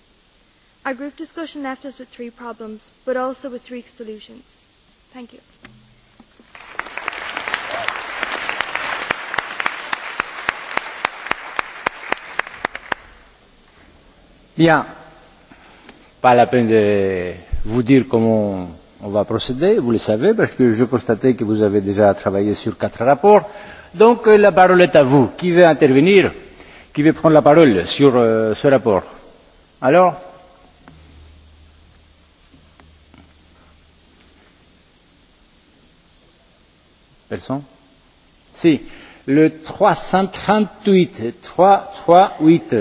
our group discussion left us with three problems but also with three solutions. thank you. Bien. Pas la peine de vous dire comment On va procéder, vous le savez, parce que je constatais que vous avez déjà travaillé sur quatre rapports. Donc euh, la parole est à vous. Qui veut intervenir Qui veut prendre la parole sur euh, ce rapport Alors Personne Si. Le 338. 338.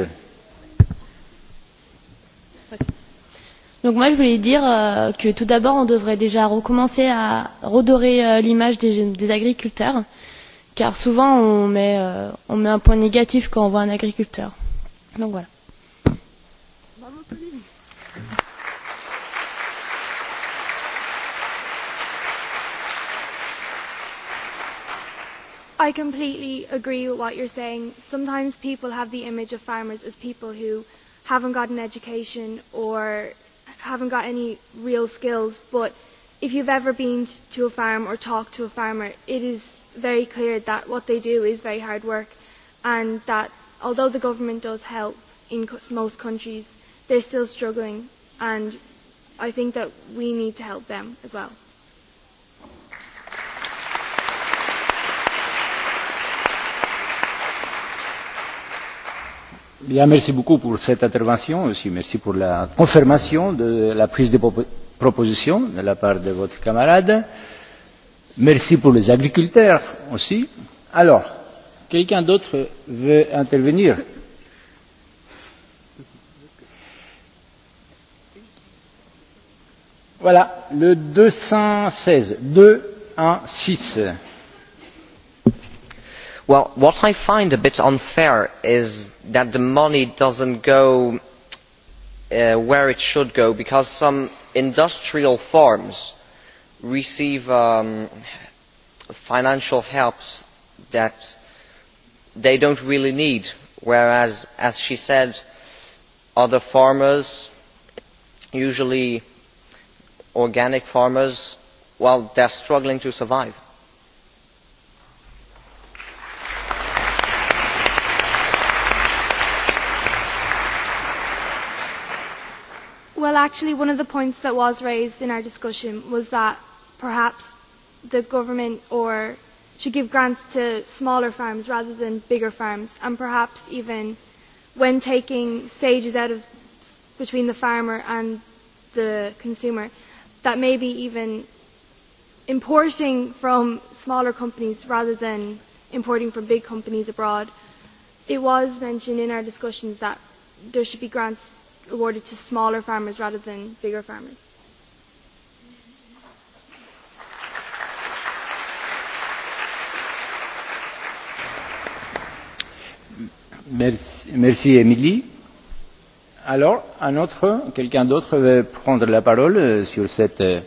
Moi, je voulais dire euh, que tout d'abord, on devrait déjà recommencer à redorer euh, l'image des, des agriculteurs, car souvent, on met, euh, on met un point négatif quand on voit un agriculteur. Donc voilà. Bravo, Pauline. I completely agree with what you're saying. Sometimes people have the image of farmers as people who haven't got an education or haven't got any real skills, but if you've ever been to a farm or talked to a farmer, it is very clear that what they do is very hard work, and that although the government does help in most countries, they're still struggling, and I think that we need to help them as well. merci beaucoup pour cette intervention et aussi merci pour la confirmation de la prise de position de la part de votre camarade. merci pour les agriculteurs aussi. quelqu'un d'autre veut intervenir? voilà le deux cent seize deux cent seize what i find a bit unfair is that the money does not go uh, where it should go because some industrial farms receive um, financial help that they do not really need whereas as she said other farmers usually organic farmers are struggling to survive. actually one of the points that was raised in our discussion was that perhaps the government or should give grants to smaller farms rather than bigger farms and perhaps even when taking stages out of between the farmer and the consumer that maybe even importing from smaller companies rather than importing from big companies abroad it was mentioned in our discussions that there should be grants awarded to smaller farmers rather than bigger farmers. Merci, merci Emily. Alors, un autre, quelqu'un d'autre veut prendre la parole euh, sur cette euh,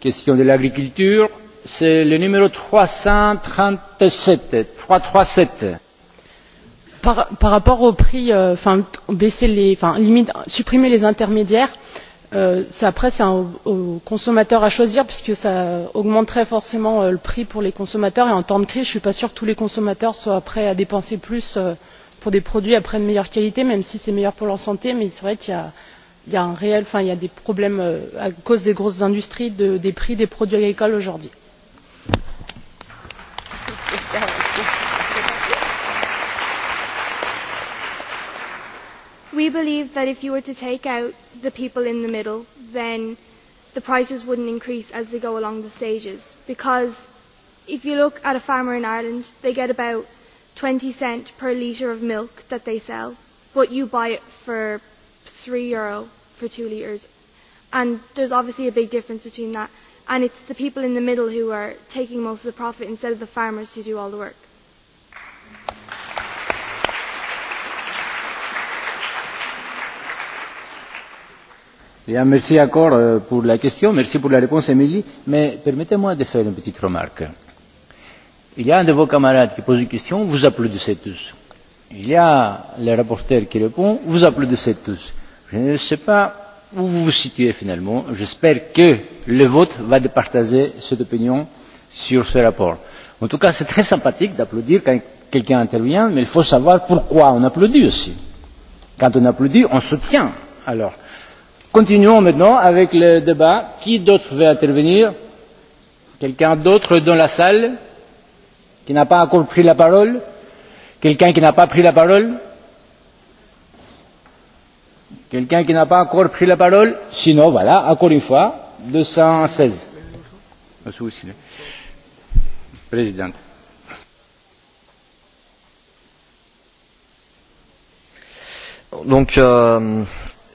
question de l'agriculture. C'est le numéro 337. 337 par rapport au prix euh, supprimer les intermédiaires euh, après c'est au consommateur de choisir puisque cela augmenterait forcément euh, le prix pour les consommateurs et en temps de crise je ne suis pas sûre que tous les consommateurs soient prêts à dépenser plus pour des produits de meilleure qualité même si c'est meilleur pour leur santé mais il est vrai qu'il y a des problèmes à cause des grosses industries des prix des produits agricoles aujourd'hui. we believe that if you were to take out the people in the middle then the prices wouldn't increase as they go along the stages because if you look at a farmer in Ireland they get about 20 cent per litre of milk that they sell but you buy it for 3 euro for 2 litres and there's obviously a big difference between that and it's the people in the middle who are taking most of the profit instead of the farmers who do all the work. merci encore euh, pour la question merci pour la réponse emilie mais permettez moi de faire une petite remarque. il y a un de vos camarades qui pose une question vous applaudissez tous il y a le rapporteur qui répond vous applaudissez tous. je ne sais pas où vous vous situez finalement j'espère que le vote va partager cette opinion sur ce rapport. en tout cas c'est très sympathique d'applaudir quand quelqu'un intervient mais il faut savoir pourquoi on applaudit aussi. quand on applaudit on soutient alors continuons maintenant avec le débat. Qui d'autre veut intervenir Quelqu'un d'autre dans la salle qui n'a pas encore pris la parole Quelqu'un qui n'a pas pris la parole Quelqu'un qui n'a pas encore pris la parole Sinon, voilà, encore une fois, 216. Présidente. Donc, euh,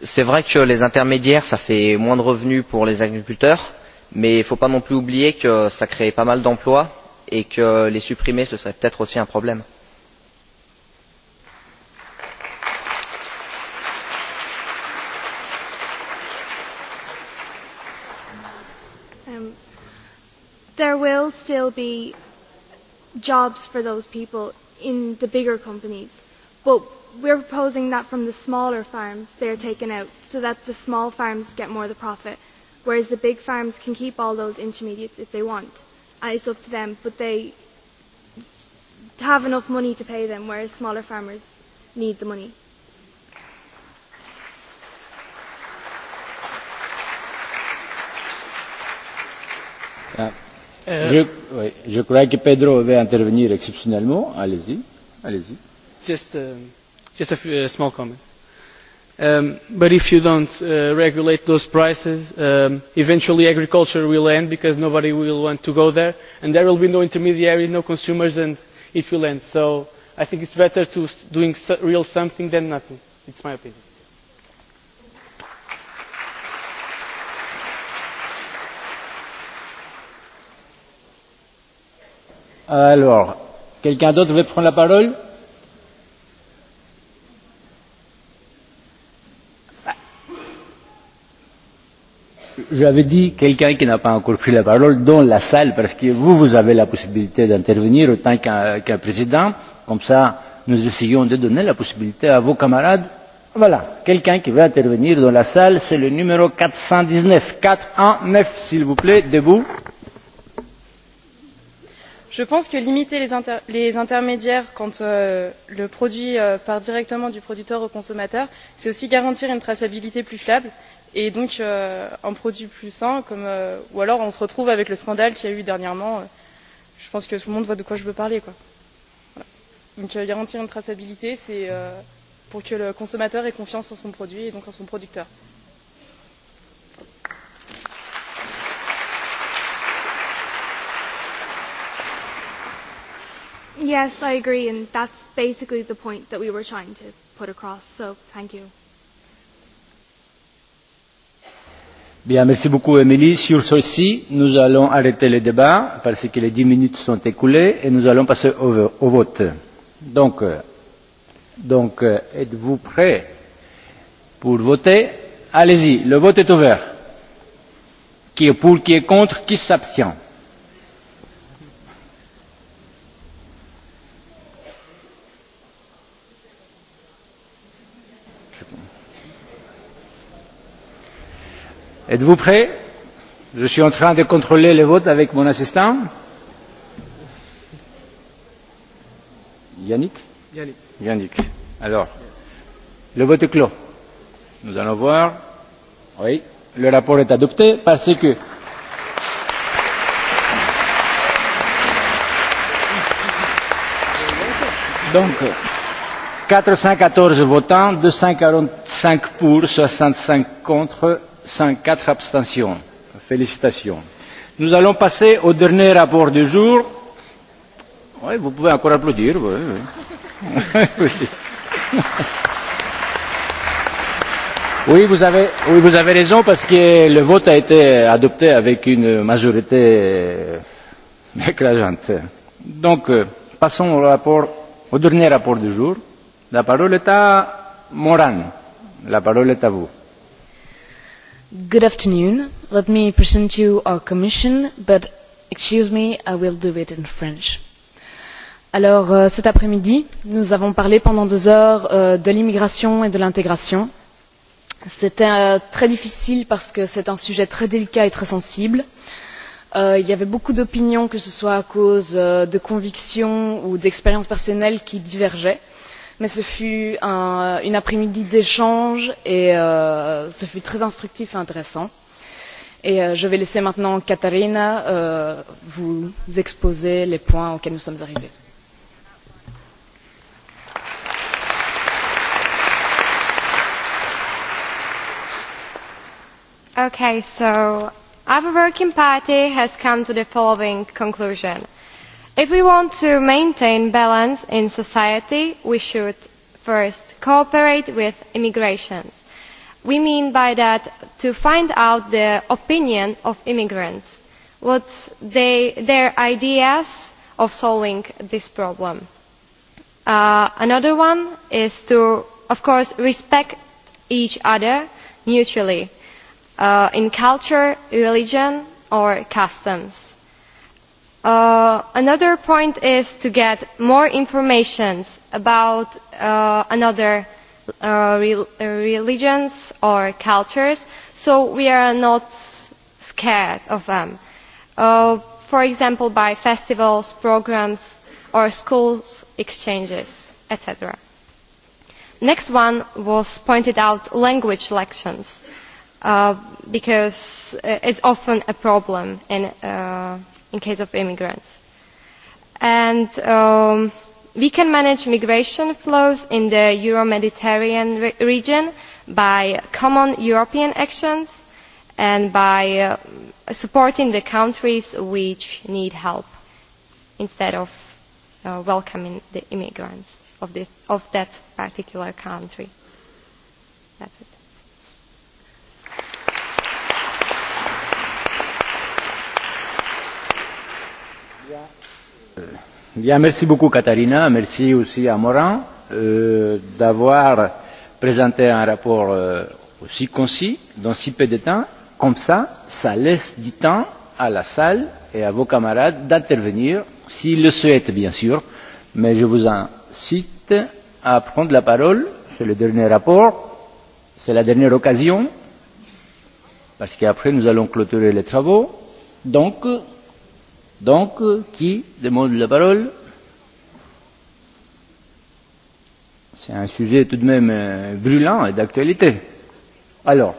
c'est vrai que les intermédiaires apportent moins de revenus pour les agriculteurs mais il ne faut pas non plus oublier que cela crée pas mal d'emplois et que les supprimer ce serait peut être aussi un problème. Um, there will still be jobs for those people in the bigger companies but we're proposing that from the smaller farms they are taken out so that the small farms get more of the profit whereas the big farms can keep all those intermediates if they want uh, it's up to them but they have enough money to pay them whereas smaller farmers need the money uh, Je, oui, je crois que Pedro avait intervenir exceptionnellement. Allez-y. Allez-y. Juste euh, um, just a few, uh, small comment. Um, but if you don't uh, regulate those prices, um, eventually agriculture will end because nobody will want to go there, and there will be no intermediary, no consumers, and it will end. So I think it's better to doing so real something than nothing. It's my opinion. Alors, quelqu'un d'autre veut prendre la parole? j'avais dit quelqu'un qui n'a pas encore pris la parole dans la salle parce que vous vous avez la possibilité d'intervenir autant qu'un président comme ça nous essayons de donner la possibilité à vos camarades voilà quelqu'un qui veut intervenir dans la salle c'est le numéro quatre cent dix neuf quatre cent neuf s'il vous plaît debout je pense que limiter les, inter les intermédiaires quand euh, le produit euh, part directement du producteur au consommateur c'est aussi garantir une traçabilité plus fiable et donc euh, un produit plus sain comme, euh, ou alors on se retrouve avec le scandale qu'il y a eu dernièrement euh, je pense que tout le monde voit de quoi je veux parler quoi. Voilà. donc euh, garantir une traçabilité c'est euh, pour que le consommateur ait confiance en son produit et donc en son producteur Yes, I agree, and that's basically the point that we were trying to put across, so thank you. Bien, merci beaucoup, Émilie. Sur ceci, nous allons arrêter le débat parce que les dix minutes sont écoulées et nous allons passer au, au vote. Donc, euh, donc euh, êtes-vous prêts pour voter Allez-y, le vote est ouvert. Qui est pour, qui est contre, qui s'abstient êtes vous prêt? je suis en train de contrôler le vote avec mon assistant yannick. le vote est clos. nous allons voir. oui le rapport est adopté parce que donc quatre cent quatorze votants deux cent quarante cinq pour soixante cinq contre cent quatre abstentions. félicitations. nous allons passer au dernier rapport du jour. Oui, vous pouvez encore applaudir. Oui, oui. Oui, vous avez, oui, vous avez raison parce que le vote a été adopté avec une majorité euh, éclatante. Donc, euh, passons au, rapport, au dernier rapport du jour. La parole est à Moran. La parole est à vous. Good afternoon. Let me present you our commission, but excuse me, I will do it in French. Alors, euh, cet après-midi, nous avons parlé pendant deux heures euh, de l'immigration et de l'intégration. C'était euh, très difficile parce que c'est un sujet très délicat et très sensible. Euh, il y avait beaucoup d'opinions, que ce soit à cause euh, de convictions ou d'expériences personnelles, qui divergeaient mais ce fut un, une après midi d'échanges et euh, ce fut très instructif et intéressant et euh, je vais laisser maintenant katharina euh, vous exposer les points auxquels nous sommes arrivés. Okay, so our working party has come to the following conclusion if we want to maintain balance in society we should first cooperate with immigration. we mean by that to find out the opinion of immigrants what their ideas are of solving this problem. Uh, another one is to of course respect each other mutually uh, in culture religion or customs. Uh, another point is to get more information about uh, other uh, religions or cultures so we are not scared of them for example by festivals programmes or school exchanges etc. the next one was pointed out language lessons because it is often a problem in in case of immigrants. And um, we can manage migration flows in the Euro-Mediterranean re region by common European actions and by uh, supporting the countries which need help instead of uh, welcoming the immigrants of, the, of that particular country. That's it. Eh, bien, merci beaucoup Katharina, merci aussi à Morin euh, d'avoir présenté un rapport euh, aussi concis, dans si peu de temps. Comme ça, ça laisse du temps à la salle et à vos camarades d'intervenir, s'ils le souhaitent bien sûr. Mais je vous incite à prendre la parole. C'est le dernier rapport, c'est la dernière occasion, parce qu'après nous allons clôturer les travaux. Donc, Donc, qui demande la parole C'est un sujet tout de même euh, brûlant et d'actualité. Alors,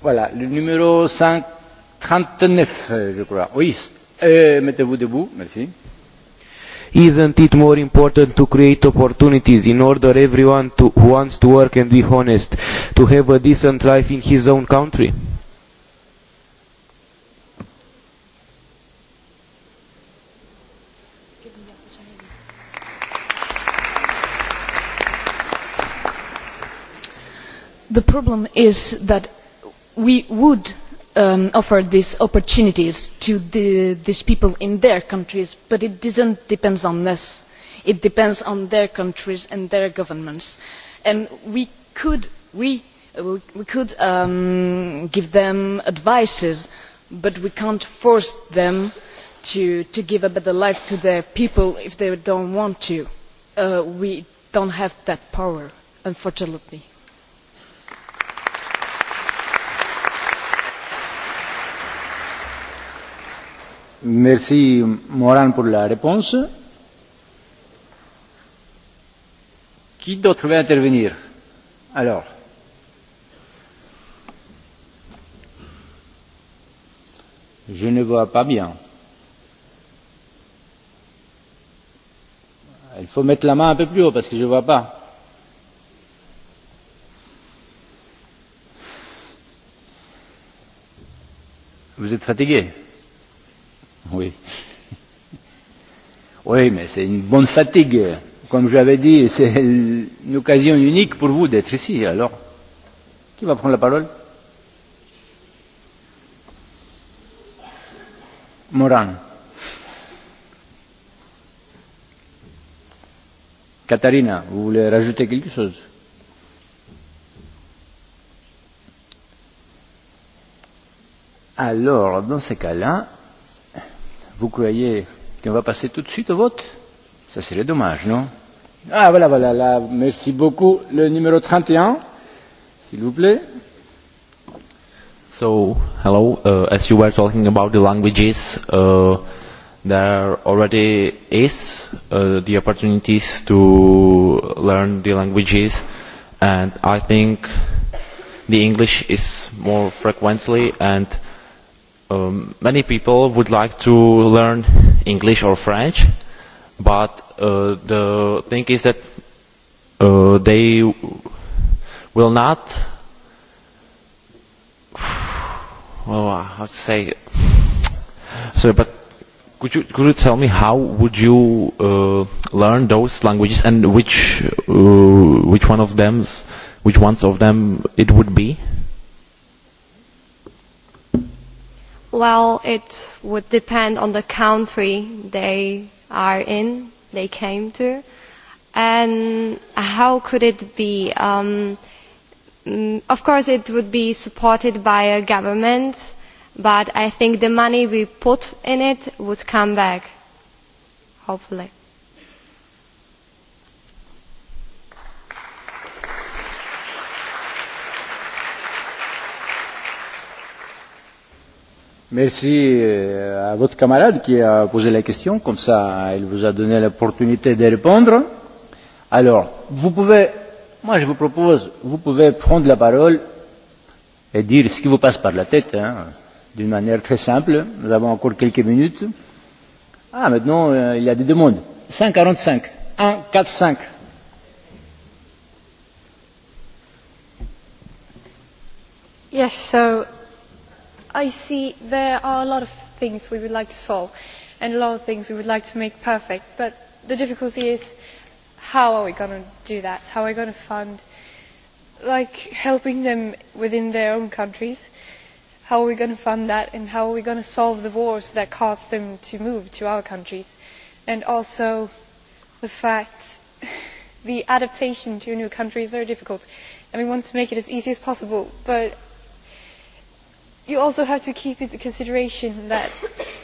voilà, le numéro 539, je crois. Oui, euh, mettez-vous debout, merci. Isn't it more important to create opportunities in order everyone to, who wants to work and be honest to have a decent life in his own country? the problem is that we would um, offer these opportunities to these people in their countries but it does not depend on us it depends on their countries and their governments and we could um, give them advice but we cannot force them to give a better life to their people if they do not want to. Uh, we do not have that power unfortunately. merci Moran pour la réponse. Qui d'autre veut intervenir Alors. Je ne vois pas bien. Il faut mettre la main un peu plus haut parce que je ne vois pas. Vous êtes fatigué Oui. Oui, mais c'est une bonne fatigue. Comme j'avais dit, c'est une occasion unique pour vous d'être ici. Alors, qui va prendre la parole Moran. Katharina, vous voulez rajouter quelque chose Alors, dans ce cas-là, vous croyez qu'on va passer tout de suite au vote Ça serait dommage, non Ah voilà, voilà, là, merci beaucoup. Le numéro 31, s'il vous plaît. So, hello, uh, as you were talking about the languages, uh, there already is uh, the opportunities to learn the languages and I think the English is more frequently and Um, many people would like to learn English or French, but uh, the thing is that uh, they will not. Well, uh, how to say? Sorry, but could you could you tell me how would you uh, learn those languages and which uh, which one of them, which ones of them it would be? well it would depend on the country they are in they came to and how could it be um, mm, of course it would be supported by a government but i think the money we put in it would come back hopefully merci euh, à votre camarade qui a posé la question comme ça il vous a donné l'opportunité de répondre. alors vous pouvez moi je vous propose vous pouvez prendre la parole et dire ce qui vous passe par la tête hein, d'une manière très simple nous avons encore quelques minutes ah maintenant euh, il y a des demandes 145 1 4 5 Yes, so i see there are a lot of things we would like to solve and a lot of things we would like to make perfect but the difficulty is how are we going to do that how are we going to fund helping them within their own countries how are we going to fund that and how are we going to solve the wars that cause them to move to our countries and also the fact that adaptation to a new country is very difficult and we want to make it as easy as possible but you also have to keep into consideration that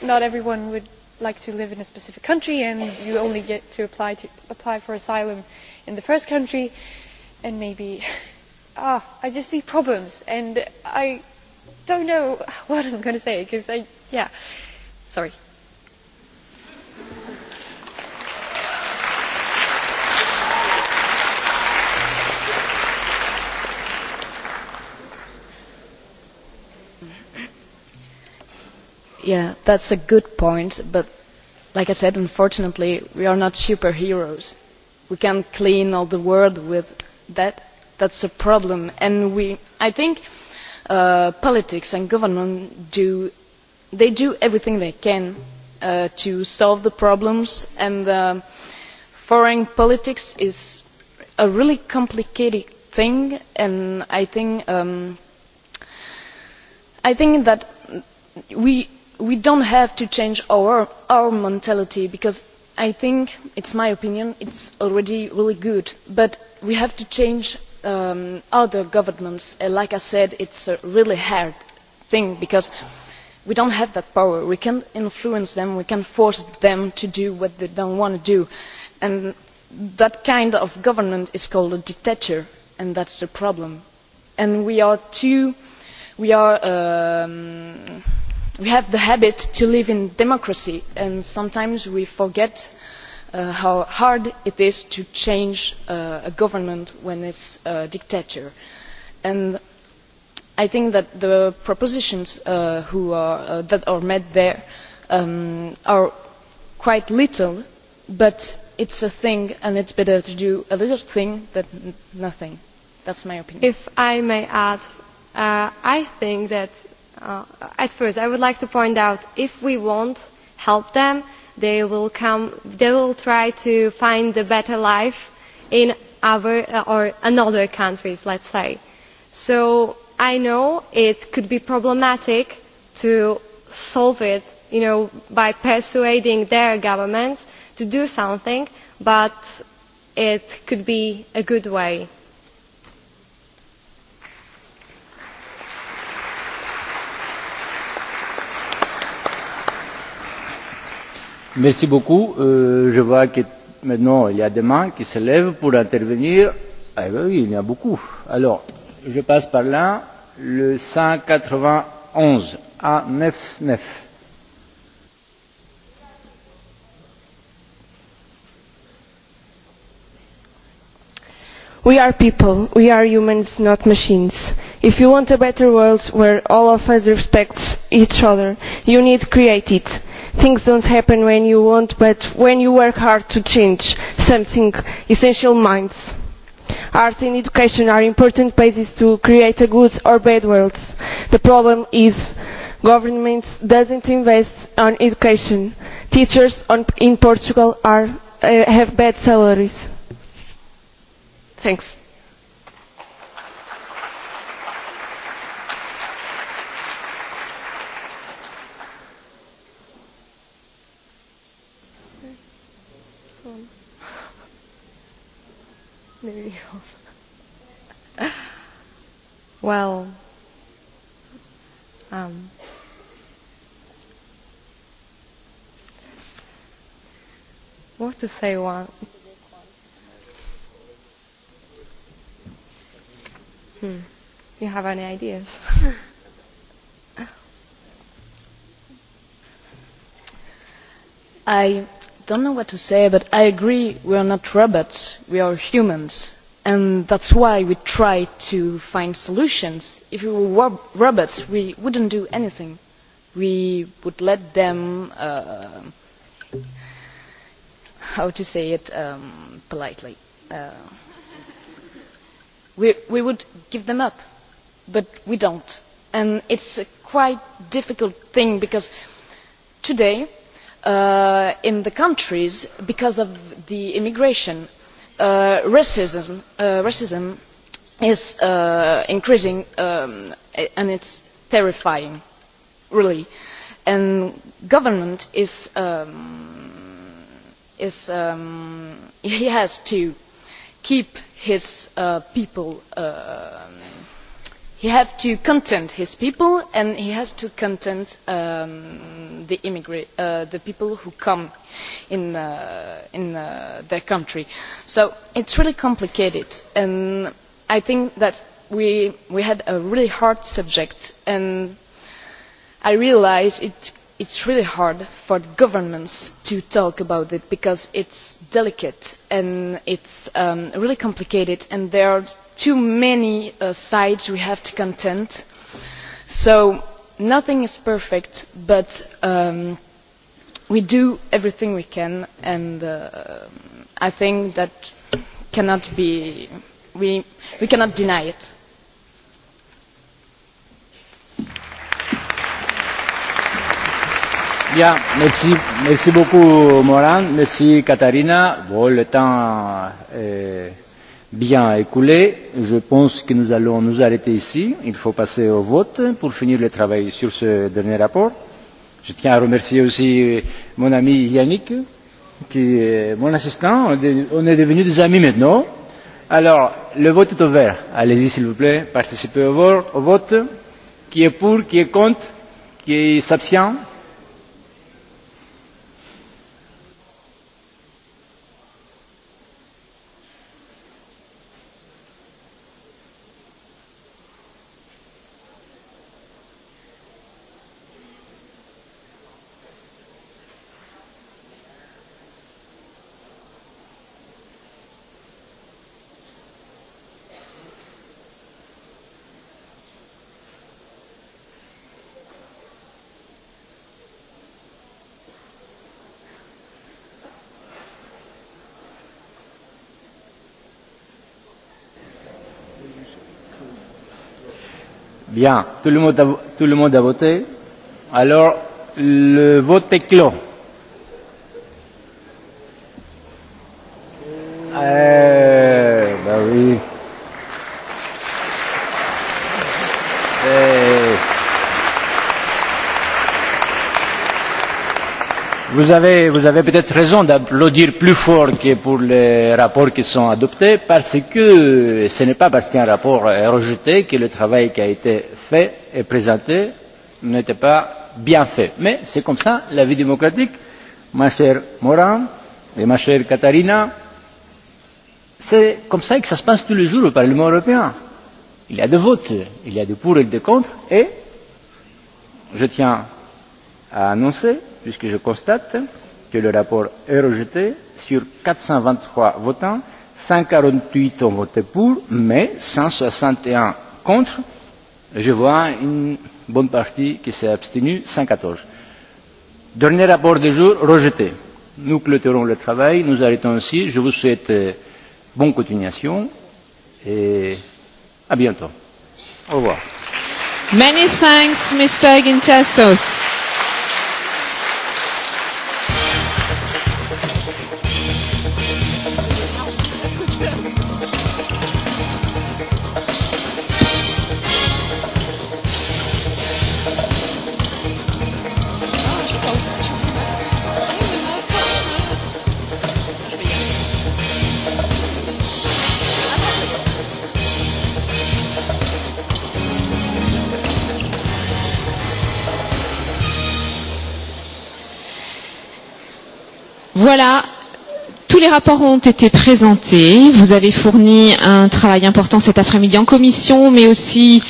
not everyone would like to live in a specific country and you only get to apply, to, apply for asylum in the first country and maybe ah i just see problems and i don't know what i'm going to say because i yeah sorry Yeah, that's a good point, but like I said, unfortunately, we are not superheroes. We can't clean all the world with that. That's a problem. And we, I think uh, politics and government do, they do everything they can uh, to solve the problems. And uh, foreign politics is a really complicated thing. And I think, um, I think that we, we do not have to change our mentality because i think it is my opinion it is already really good but we have to change um, other governments and like i said it is a really hard thing because we do not have that power we cannot influence them we cannot force them to do what they do not want to do and that kind of government is called a dictator and that is the problem. we are too we are um, we have the habit of living in democracy and sometimes we forget uh, how hard it is to change uh, a government when it is a dictatorship. i think that the propositions uh, that are made there um, are quite little but it is a thing and it is better to do a little thing than nothing. that is my opinion. if i may add i think that Uh, at first i would like to point out that if we will not help them they will try to find a better life in other uh, countries let us say. so i know it could be problematic to solve it by persuading their governments to do something but it could be a good way. merci beaucoup euh, je vois que maintenant il y a des mains qui se lèvent pour intervenir eh ah, bien oui il y en a beaucoup alors je passe par là le cent quatre vingt onze à ah, neuf neuf We are people. We are humans, not machines. If you want a better world where all of us respect each other, you need to create it things don't happen when you want, but when you work hard to change something, essential minds. Art and education are important bases to create a good or bad world. The problem is government doesn't invest on education. Teachers on, in Portugal are, uh, have bad salaries. Thanks. maybe also. well, um, what to say one? Hmm. You have any ideas? I do not know what to say but i agree we are not robots we are humans and that is why we try to find solutions. if we were robots we would not do anything we would let them uh, how to say it um, politely uh, we would give them up but we do not and it is a quite difficult thing because today Uh, in the countries because of the immigration uh, racism uh, racism is increasing um, and it's terrifying really and government is um, is um, he has to keep his uh, people uh, he has to content his people and he has to content um, the, uh, the people who come in, uh, in uh, their country. So it's really complicated and I think that we, we had a really hard subject and I realize it it is really hard for governments to talk about it because it is delicate and it is um, really complicated and there are too many uh, sides we have to contend with. nothing is perfect but um, we do everything we can and uh, i think that we cannot deny it. merci beaucoup Morane, merci Katharina. Bon, le temps est euh, bien écoulé. Je pense que nous allons nous arrêter ici. Il faut passer au vote pour finir le travail sur ce dernier rapport. Je tiens à remercier aussi euh, mon ami Yannick, qui est mon assistant. On est devenus des amis maintenant. Alors, le vote est ouvert. Allez-y, s'il vous plaît, participez au vote. Qui est pour, qui est contre, qui s'abstient Bien, tout le monde a, tout le monde a voté. Alors, le vote est clos. Vous avez, vous avez peut-être raison d'applaudir plus fort que pour les rapports qui sont adoptés parce que ce n'est pas parce qu'un rapport est rejeté que le travail qui a été fait et présenté n'était pas bien fait. Mais c'est comme ça la vie démocratique, ma chère Morin et ma chère Katharina. C'est comme ça que ça se passe tous les jours au Parlement européen. Il y a des votes, il y a des pour et des contre et je tiens à annoncer puisque je constate que le rapport est rejeté sur quatre cent vingt trois votants cent quarante huit ont voté pour mais cent soixante et un contre je vois une bonne partie qui s'est abstenue cent quatorze dernier rapport du jour rejeté nous clôturons le travail nous arrêtons ici je vous souhaite euh, bonne continuation et à bientôt au revoir Many thanks, Mr. Voilà. Tous les rapports ont été présentés. Vous avez fourni un travail important cet après-midi en commission, mais aussi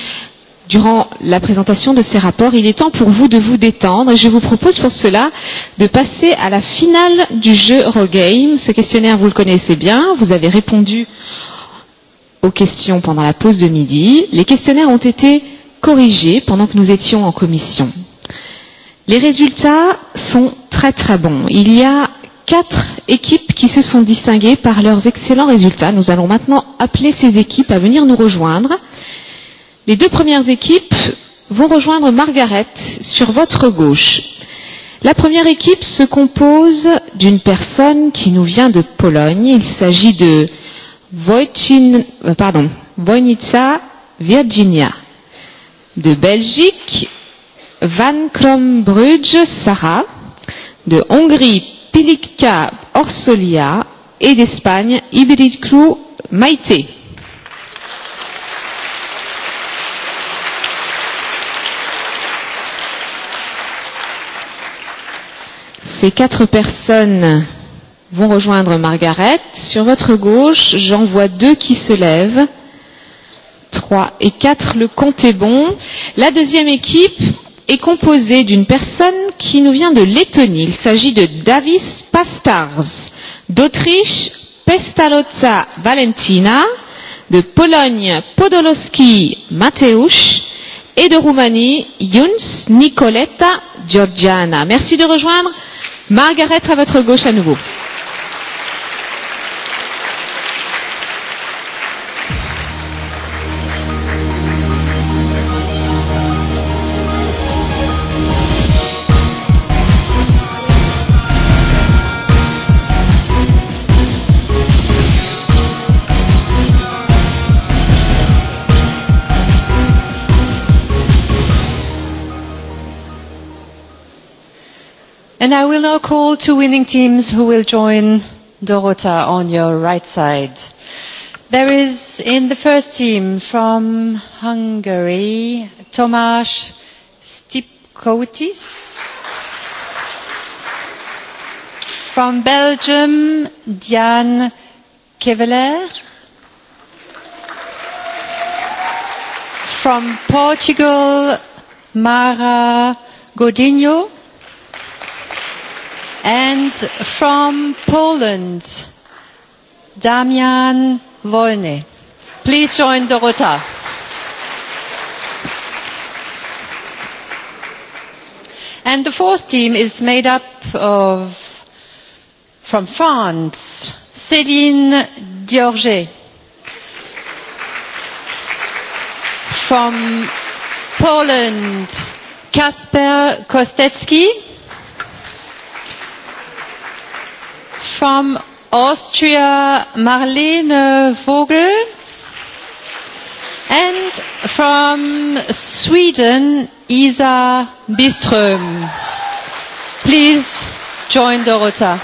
durant la présentation de ces rapports. Il est temps pour vous de vous détendre. Je vous propose pour cela de passer à la finale du jeu Rogame. Ce questionnaire, vous le connaissez bien. Vous avez répondu aux questions pendant la pause de midi. Les questionnaires ont été corrigés pendant que nous étions en commission. Les résultats sont très très bons. Il y a quatre équipes qui se sont distinguées par leurs excellents résultats. Nous allons maintenant appeler ces équipes à venir nous rejoindre. Les deux premières équipes vont rejoindre Margaret sur votre gauche. La première équipe se compose d'une personne qui nous vient de Pologne. Il s'agit de Wojcin, euh, pardon, Wojnica Virginia. De Belgique, Van Krombrugge Sarah. De Hongrie, Pilica Orsolia et d'Espagne, Ibrid Crew Maite. Ces quatre personnes vont rejoindre Margaret. Sur votre gauche, j'en vois deux qui se lèvent. Trois et quatre, le compte est bon. La deuxième équipe, est composé d'une personne qui nous vient de Lettonie. Il s'agit de Davis Pastars, d'Autriche Pestalozza Valentina, de Pologne Podolowski Mateusz et de Roumanie Yuns Nicoletta Georgiana. Merci de rejoindre Margaret à votre gauche à nouveau. And I will now call two winning teams who will join Dorota on your right side. There is in the first team from Hungary, Tomasz Stipkotis. From Belgium, Diane Keveler. From Portugal, Mara Godinho. And from Poland, Damian Wolny. Please join Dorota. And the fourth team is made up of, from France, Céline Diorget. From Poland, Kasper Kostecki. from Austria, Marlene Vogel. And from Sweden, Isa Biström. Please join Dorota.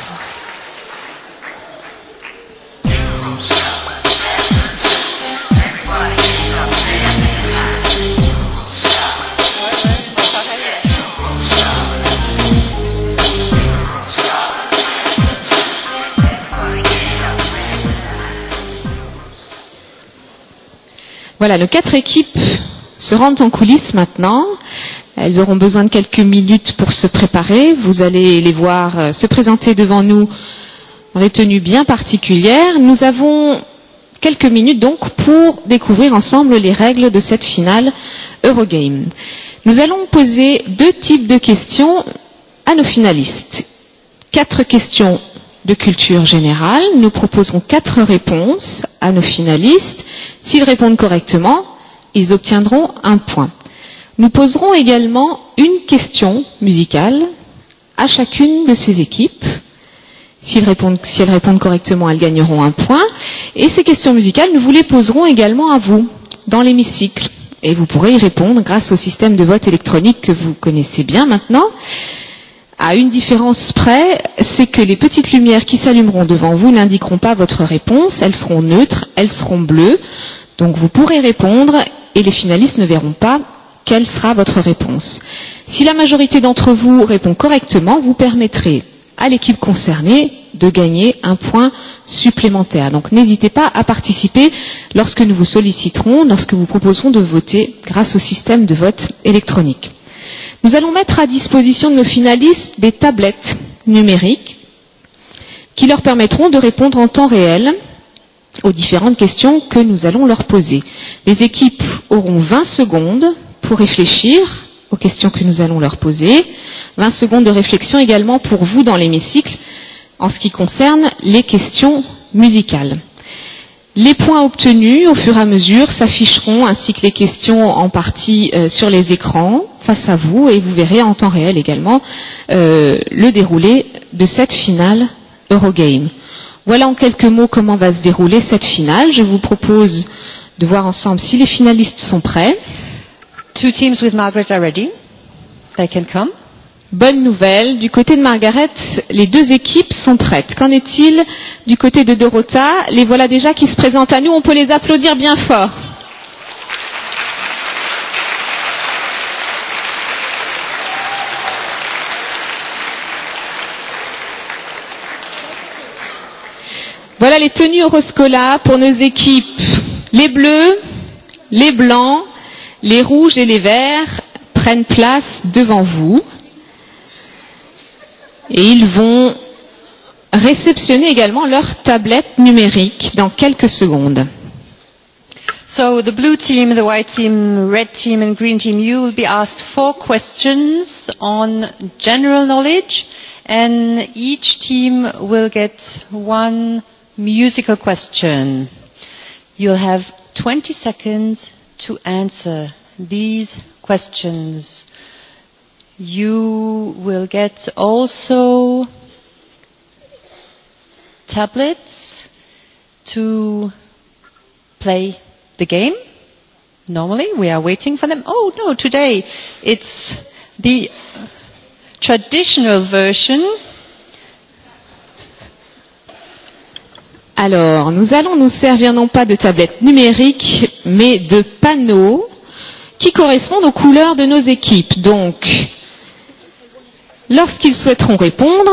Voilà, nos quatre équipes se rendent en coulisses maintenant. Elles auront besoin de quelques minutes pour se préparer. Vous allez les voir euh, se présenter devant nous dans des tenues bien particulières. Nous avons quelques minutes donc pour découvrir ensemble les règles de cette finale Eurogame. Nous allons poser deux types de questions à nos finalistes. Quatre questions de culture générale, nous proposons quatre réponses à nos finalistes. S'ils répondent correctement, ils obtiendront un point. Nous poserons également une question musicale à chacune de ces équipes. S'ils répondent, si elles répondent correctement, elles gagneront un point. Et ces questions musicales, nous vous les poserons également à vous, dans l'hémicycle. Et vous pourrez y répondre grâce au système de vote électronique que vous connaissez bien maintenant. À une différence près, c'est que les petites lumières qui s'allumeront devant vous n'indiqueront pas votre réponse, elles seront neutres, elles seront bleues, donc vous pourrez répondre et les finalistes ne verront pas quelle sera votre réponse. Si la majorité d'entre vous répond correctement, vous permettrez à l'équipe concernée de gagner un point supplémentaire. Donc n'hésitez pas à participer lorsque nous vous solliciterons, lorsque vous proposerons de voter grâce au système de vote électronique. Nous allons mettre à disposition de nos finalistes des tablettes numériques qui leur permettront de répondre en temps réel aux différentes questions que nous allons leur poser. Les équipes auront 20 secondes pour réfléchir aux questions que nous allons leur poser. 20 secondes de réflexion également pour vous dans l'hémicycle en ce qui concerne les questions musicales. Les points obtenus au fur et à mesure s'afficheront ainsi que les questions en partie euh, sur les écrans face à vous et vous verrez en temps réel également euh, le déroulé de cette finale Eurogame. Voilà en quelques mots comment va se dérouler cette finale. Je vous propose de voir ensemble si les finalistes sont prêts. Two teams with Margaret are ready. They can come. Bonne nouvelle. Du côté de Margaret, les deux équipes sont prêtes. Qu'en est-il du côté de Dorota Les voilà déjà qui se présentent à nous. On peut les applaudir bien fort. Voilà les tenues Euroscola pour nos équipes. Les bleus, les blancs, les rouges et les verts prennent place devant vous et ils vont réceptionner également leur tablette numérique dans quelques secondes. So the blue team, the white team, red team and green team, you will be asked four questions on general knowledge and each team will get one musical question. You'll have 20 seconds to answer these questions you will get also tablets to play the game. Normally, we are waiting for them. Oh no, today it's the traditional version. Alors, nous allons nous servir non pas de tablettes numériques, mais de panneaux qui correspondent aux couleurs de nos équipes. Donc, Lorsqu'ils souhaiteront répondre,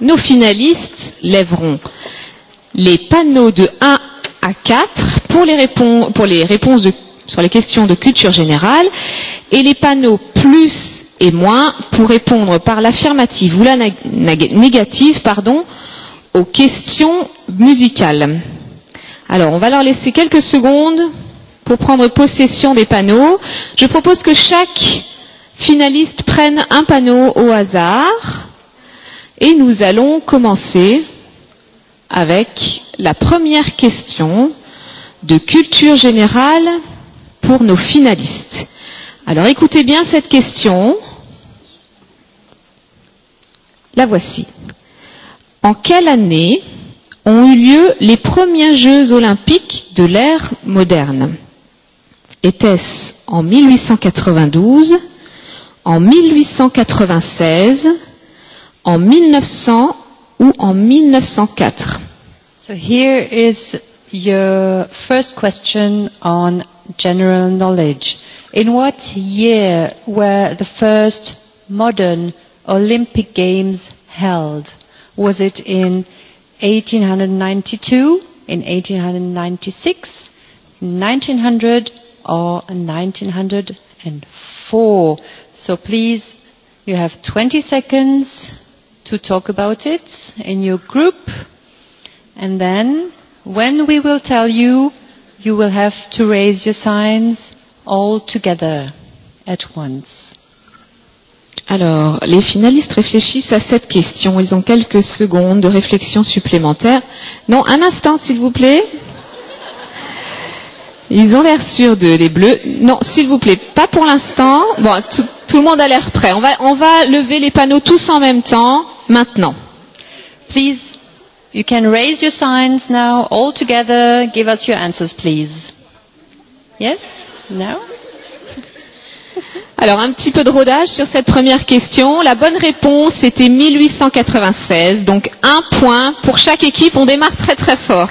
nos finalistes lèveront les panneaux de 1 à 4 pour les, répons pour les réponses de, sur les questions de culture générale et les panneaux plus et moins pour répondre par l'affirmative ou la négative pardon, aux questions musicales. Alors, on va leur laisser quelques secondes pour prendre possession des panneaux. Je propose que chaque finalistes prennent un panneau au hasard et nous allons commencer avec la première question de culture générale pour nos finalistes. Alors écoutez bien cette question. La voici. En quelle année ont eu lieu les premiers Jeux olympiques de l'ère moderne Était-ce en 1892 en 1896, en 1900 ou en 1904 So here is your first question on general knowledge. In what year were the first modern Olympic Games held? Was it in 1892, in 1896, 1900 or 1904? so please you have 20 seconds to talk about it in your group and then when we will tell you you will have to raise your signs all together at once Alors, les finalistes réfléchissent à cette question. Ils ont quelques secondes de réflexion supplémentaire. Non, un instant, s'il vous plaît. Ils ont l'air sûrs de les bleus. Non, s'il vous plaît, pas pour l'instant. Bon, tout, tout le monde a l'air prêt. On va, on va lever les panneaux tous en même temps, maintenant. Please, you can raise your signs now, all together. Give us your answers, please. Yes? No? Alors, un petit peu de rodage sur cette première question. La bonne réponse était 1896. Donc, un point pour chaque équipe. On démarre très très fort.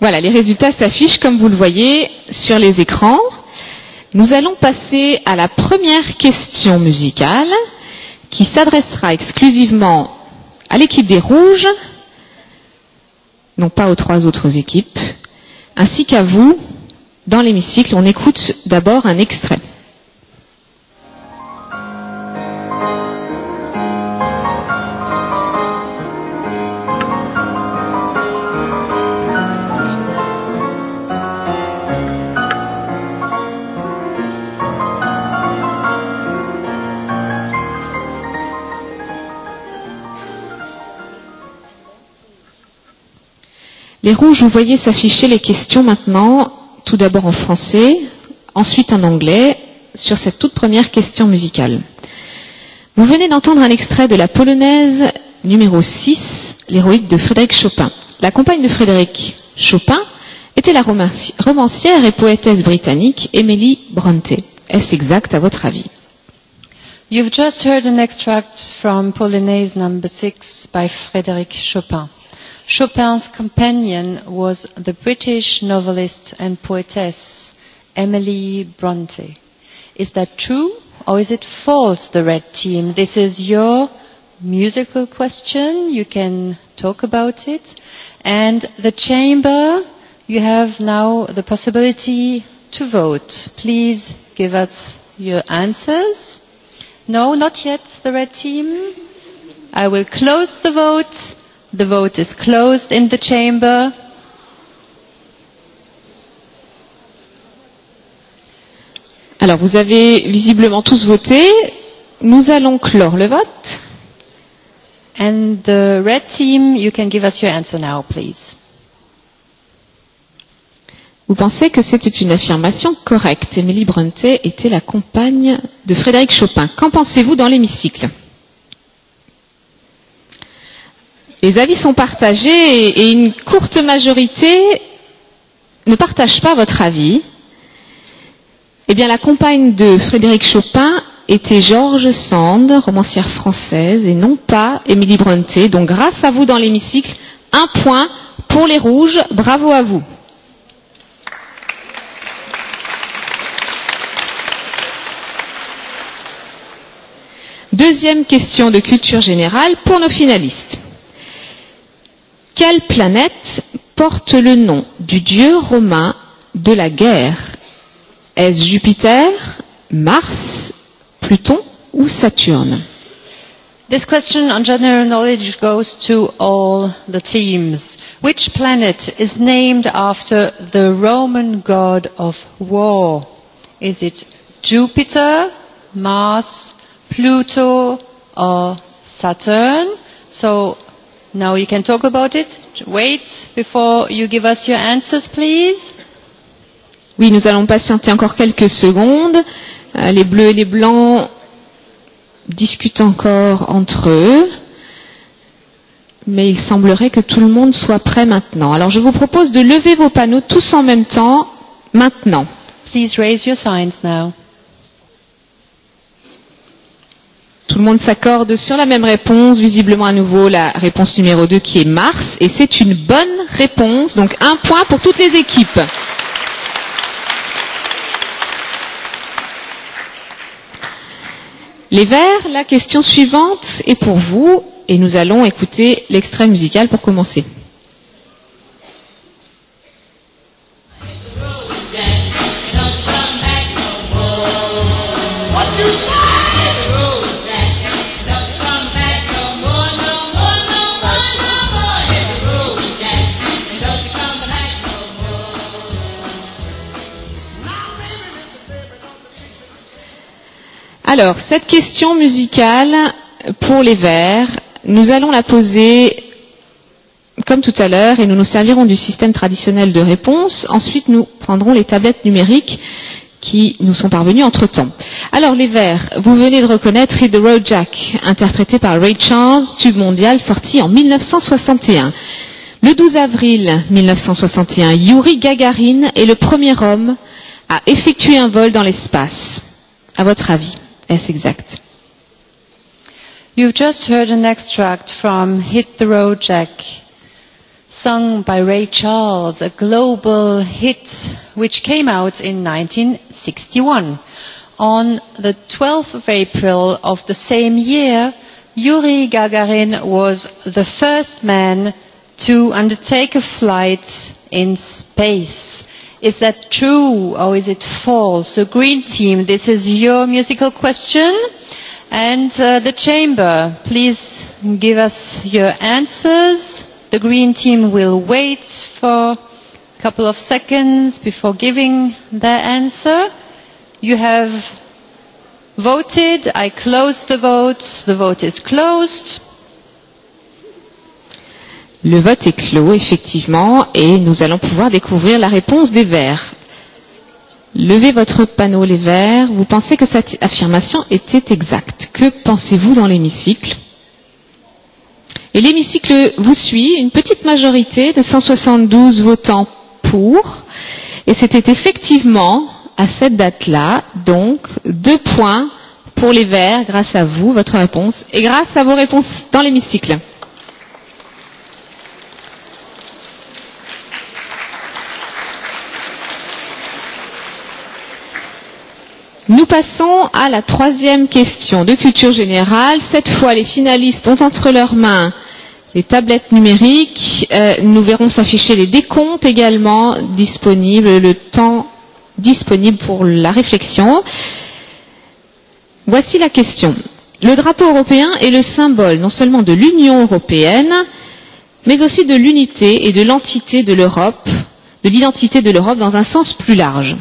Voilà, les résultats s'affichent comme vous le voyez sur les écrans. Nous allons passer à la première question musicale qui s'adressera exclusivement à l'équipe des Rouges, non pas aux trois autres équipes, ainsi qu'à vous dans l'hémicycle. On écoute d'abord un extrait. Les rouges, vous voyez s'afficher les questions maintenant, tout d'abord en français, ensuite en anglais, sur cette toute première question musicale. Vous venez d'entendre un extrait de la polonaise numéro 6, l'héroïque de Frédéric Chopin. La compagne de Frédéric Chopin était la romancière et poétesse britannique Emily Bronte. Est-ce exact à votre avis You've just heard an extract from Polonaise number 6 by Frédéric Chopin. Chopin's companion was the British novelist and poetess Emily Bronte. Is that true or is it false, the red team? This is your musical question. You can talk about it. And the chamber, you have now the possibility to vote. Please give us your answers. No, not yet, the red team. I will close the vote. The vote is closed in the chamber. Alors, vous avez visiblement tous voté. Nous allons clore le vote. And the red team, you can give us your answer now, please. Vous pensez que c'était une affirmation correcte. Emily Brontë était la compagne de Frédéric Chopin. Qu'en pensez-vous dans l'hémicycle les avis sont partagés et une courte majorité ne partage pas votre avis, eh bien la compagne de Frédéric Chopin était Georges Sand, romancière française, et non pas Émilie Brontë. Donc grâce à vous dans l'hémicycle, un point pour les rouges. Bravo à vous. Deuxième question de culture générale pour nos finalistes. Quelle planète porte le nom du dieu romain de la guerre Est-ce Jupiter, Mars, Pluton ou Saturne This question on general knowledge goes to all the teams. Which planet is named after the Roman god of war? Is it Jupiter, Mars, Pluto or Saturn? So Now you can talk about it. Wait before you give us your answers, please. Oui, nous allons patienter encore quelques secondes. Euh, les bleus et les blancs discutent encore entre eux. Mais il semblerait que tout le monde soit prêt maintenant. Alors je vous propose de lever vos panneaux tous en même temps, maintenant. Please raise your signs now. Tout le monde s'accorde sur la même réponse, visiblement à nouveau la réponse numéro 2 qui est Mars, et c'est une bonne réponse, donc un point pour toutes les équipes. Les Verts, la question suivante est pour vous, et nous allons écouter l'extrait musical pour commencer. What you say? Alors, cette question musicale pour les vers, nous allons la poser comme tout à l'heure et nous nous servirons du système traditionnel de réponse. Ensuite, nous prendrons les tablettes numériques qui nous sont parvenues entre-temps. Alors, les vers, vous venez de reconnaître Hit the Road Jack, interprété par Ray Charles, tube mondial sorti en 1961. Le 12 avril 1961, Yuri Gagarin est le premier homme à effectuer un vol dans l'espace. À votre avis as exact. You've just heard an extract from Hit the Road Jack, sung by Ray Charles, a global hit which came out in 1961. On the 12th of April of the same year, Yuri Gagarin was the first man to undertake a flight in space. Is that true or is it false? The Green Team, this is your musical question. And uh, the Chamber, please give us your answers. The Green Team will wait for a couple of seconds before giving their answer. You have voted. I close the vote. The vote is closed. Le vote est clos, effectivement, et nous allons pouvoir découvrir la réponse des Verts. Levez votre panneau, les Verts. Vous pensez que cette affirmation était exacte. Que pensez-vous dans l'hémicycle Et l'hémicycle vous suit. Une petite majorité de 172 votants pour. Et c'était effectivement à cette date-là, donc, deux points pour les Verts grâce à vous, votre réponse, et grâce à vos réponses dans l'hémicycle. Nous passons à la troisième question de culture générale. Cette fois, les finalistes ont entre leurs mains les tablettes numériques. Euh, nous verrons s'afficher les décomptes également disponibles, le temps disponible pour la réflexion. Voici la question. Le drapeau européen est le symbole non seulement de l'Union européenne, mais aussi de l'unité et de l'entité de l'Europe, de l'identité de l'Europe dans un sens plus large.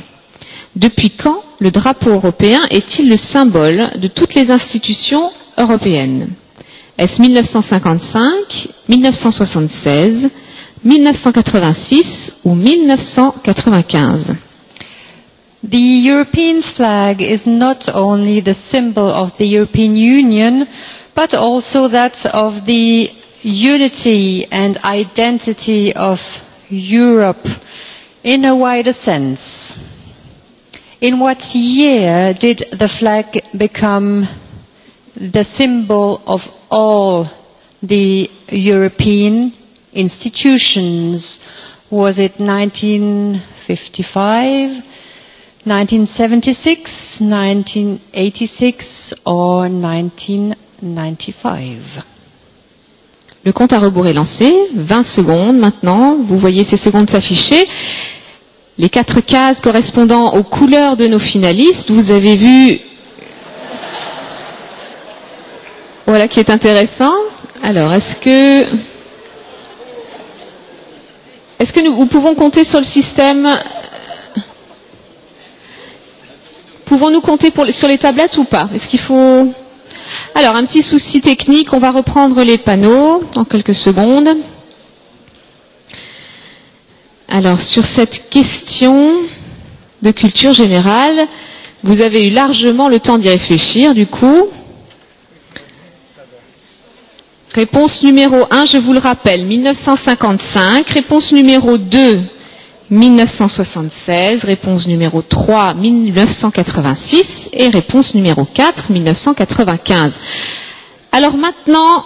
Depuis quand le drapeau européen est-il le symbole de toutes les institutions européennes Est-ce 1955, 1976, 1986 ou 1995 The European flag is not only the symbol of the European Union, but also that of the unity and identity of Europe in a wider sense. In what year did the flag become the symbol of all the European institutions? Was it 1955, 1976, 1986 or 1995? Le compte à rebours est lancé. 20 secondes maintenant. Vous voyez ces secondes s'afficher les quatre cases correspondant aux couleurs de nos finalistes. Vous avez vu. Voilà qui est intéressant. Alors, est-ce que. Est-ce que nous, nous pouvons compter sur le système Pouvons-nous compter pour, sur les tablettes ou pas Est-ce qu'il faut. Alors, un petit souci technique, on va reprendre les panneaux en quelques secondes. Alors, sur cette question de culture générale, vous avez eu largement le temps d'y réfléchir, du coup. Réponse numéro 1, je vous le rappelle, 1955. Réponse numéro 2, 1976. Réponse numéro 3, 1986. Et réponse numéro 4, 1995. Alors maintenant,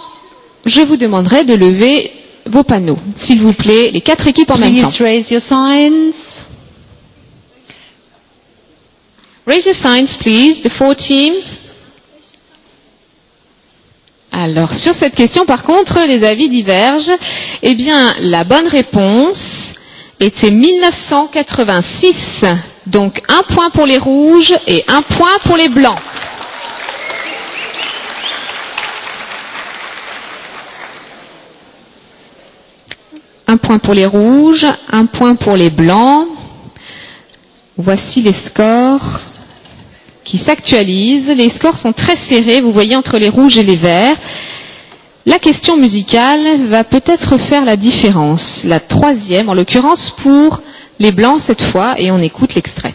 je vous demanderai de lever vos panneaux, s'il vous plaît, les quatre équipes en Please même temps. Please raise your signs. Raise your signs, please, the four teams. Alors, sur cette question, par contre, les avis divergent. Eh bien, la bonne réponse était 1986. Donc, un point pour les rouges et un point pour les blancs. point pour les rouges, un point pour les blancs. Voici les scores qui s'actualisent. Les scores sont très serrés, vous voyez, entre les rouges et les verts. La question musicale va peut-être faire la différence. La troisième, en l'occurrence, pour les blancs cette fois, et on écoute l'extrait.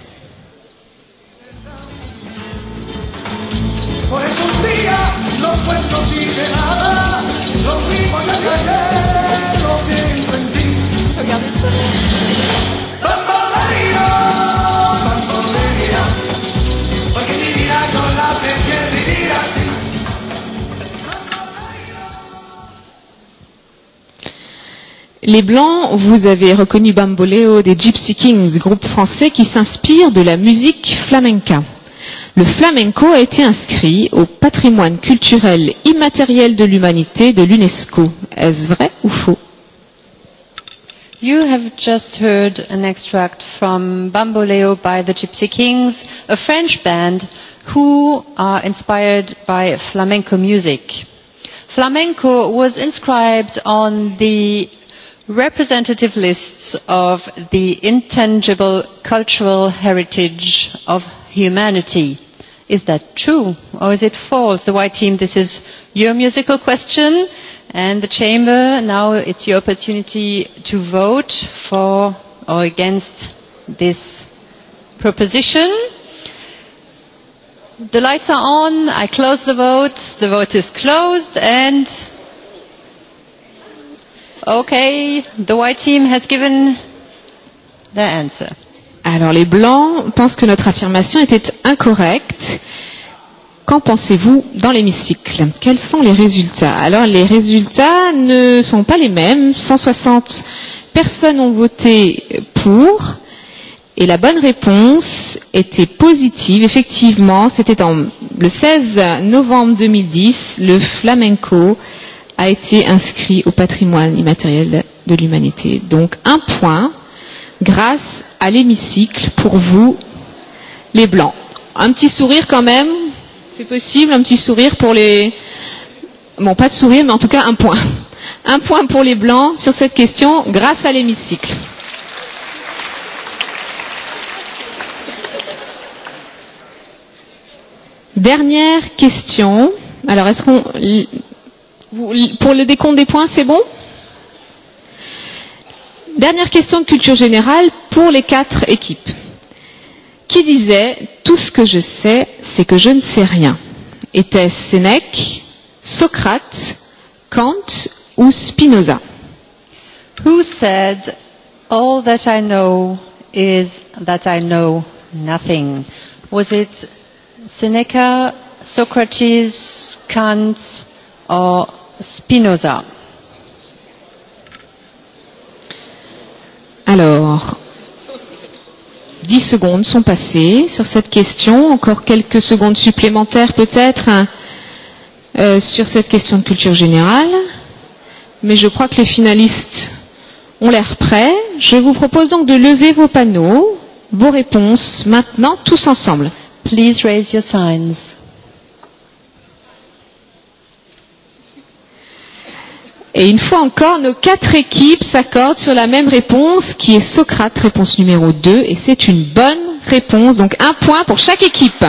Por esos días no puedo decir de nada, lo mismo que ayer. Les Blancs, vous avez reconnu Bamboléo des Gypsy Kings, groupe français qui s'inspire de la musique flamenca. Le flamenco a été inscrit au patrimoine culturel immatériel de l'humanité de l'UNESCO. Est-ce vrai ou faux You have just heard an extract from Bamboleo by the Gypsy Kings, a French band who are inspired by flamenco music. Flamenco was inscribed on the representative lists of the intangible cultural heritage of humanity. Is that true or is it false? The white team, this is your musical question. And the chamber, now it's your opportunity to vote for or against this proposition. The lights are on, I close the vote, the vote is closed and... Okay, the white team has given their answer. Alors les blancs pensent que notre affirmation était incorrecte qu'en pensez-vous dans l'hémicycle Quels sont les résultats Alors, les résultats ne sont pas les mêmes. 160 personnes ont voté pour. Et la bonne réponse était positive. Effectivement, c'était le 16 novembre 2010, le flamenco a été inscrit au patrimoine immatériel de l'humanité. Donc un point grâce à l'hémicycle pour vous, les Blancs. Un petit sourire quand même, c'est possible. Un petit sourire pour les. Bon, pas de sourire, mais en tout cas un point. Un point pour les blancs sur cette question grâce à l'hémicycle. Dernière question. Alors, est-ce qu'on. Pour le décompte des points, c'est bon Dernière question de culture générale pour les quatre équipes qui disait Tout ce que je sais, c'est que je ne sais rien. Était Sénèque, Socrate, Kant ou Spinoza Who said All that I know is that I know nothing Was it Seneca, Socrates, Kant or Spinoza 10 secondes sont passées sur cette question. Encore quelques secondes supplémentaires peut-être euh, sur cette question de culture générale. Mais je crois que les finalistes ont l'air prêts. Je vous propose donc de lever vos panneaux, vos réponses, maintenant, tous ensemble. Please raise your signs. Et une fois encore, nos quatre équipes s'accordent sur la même réponse qui est Socrate, réponse numéro 2. Et c'est une bonne réponse. Donc un point pour chaque équipe.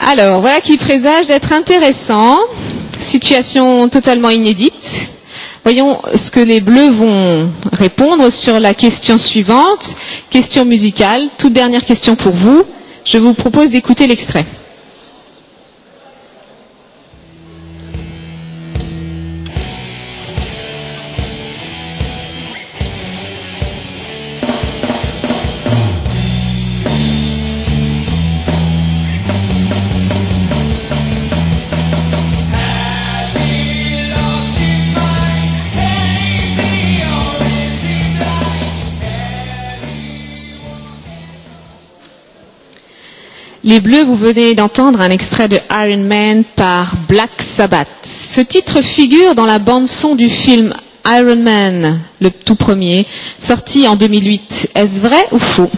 Alors, voilà qui présage d'être intéressant. Situation totalement inédite. Voyons ce que les Bleus vont répondre sur la question suivante. Question musicale, toute dernière question pour vous. Je vous propose d'écouter l'extrait. Les Bleus, vous venez d'entendre un extrait de Iron Man par Black Sabbath. Ce titre figure dans la bande-son du film Iron Man, le tout premier, sorti en 2008. Est-ce vrai ou faux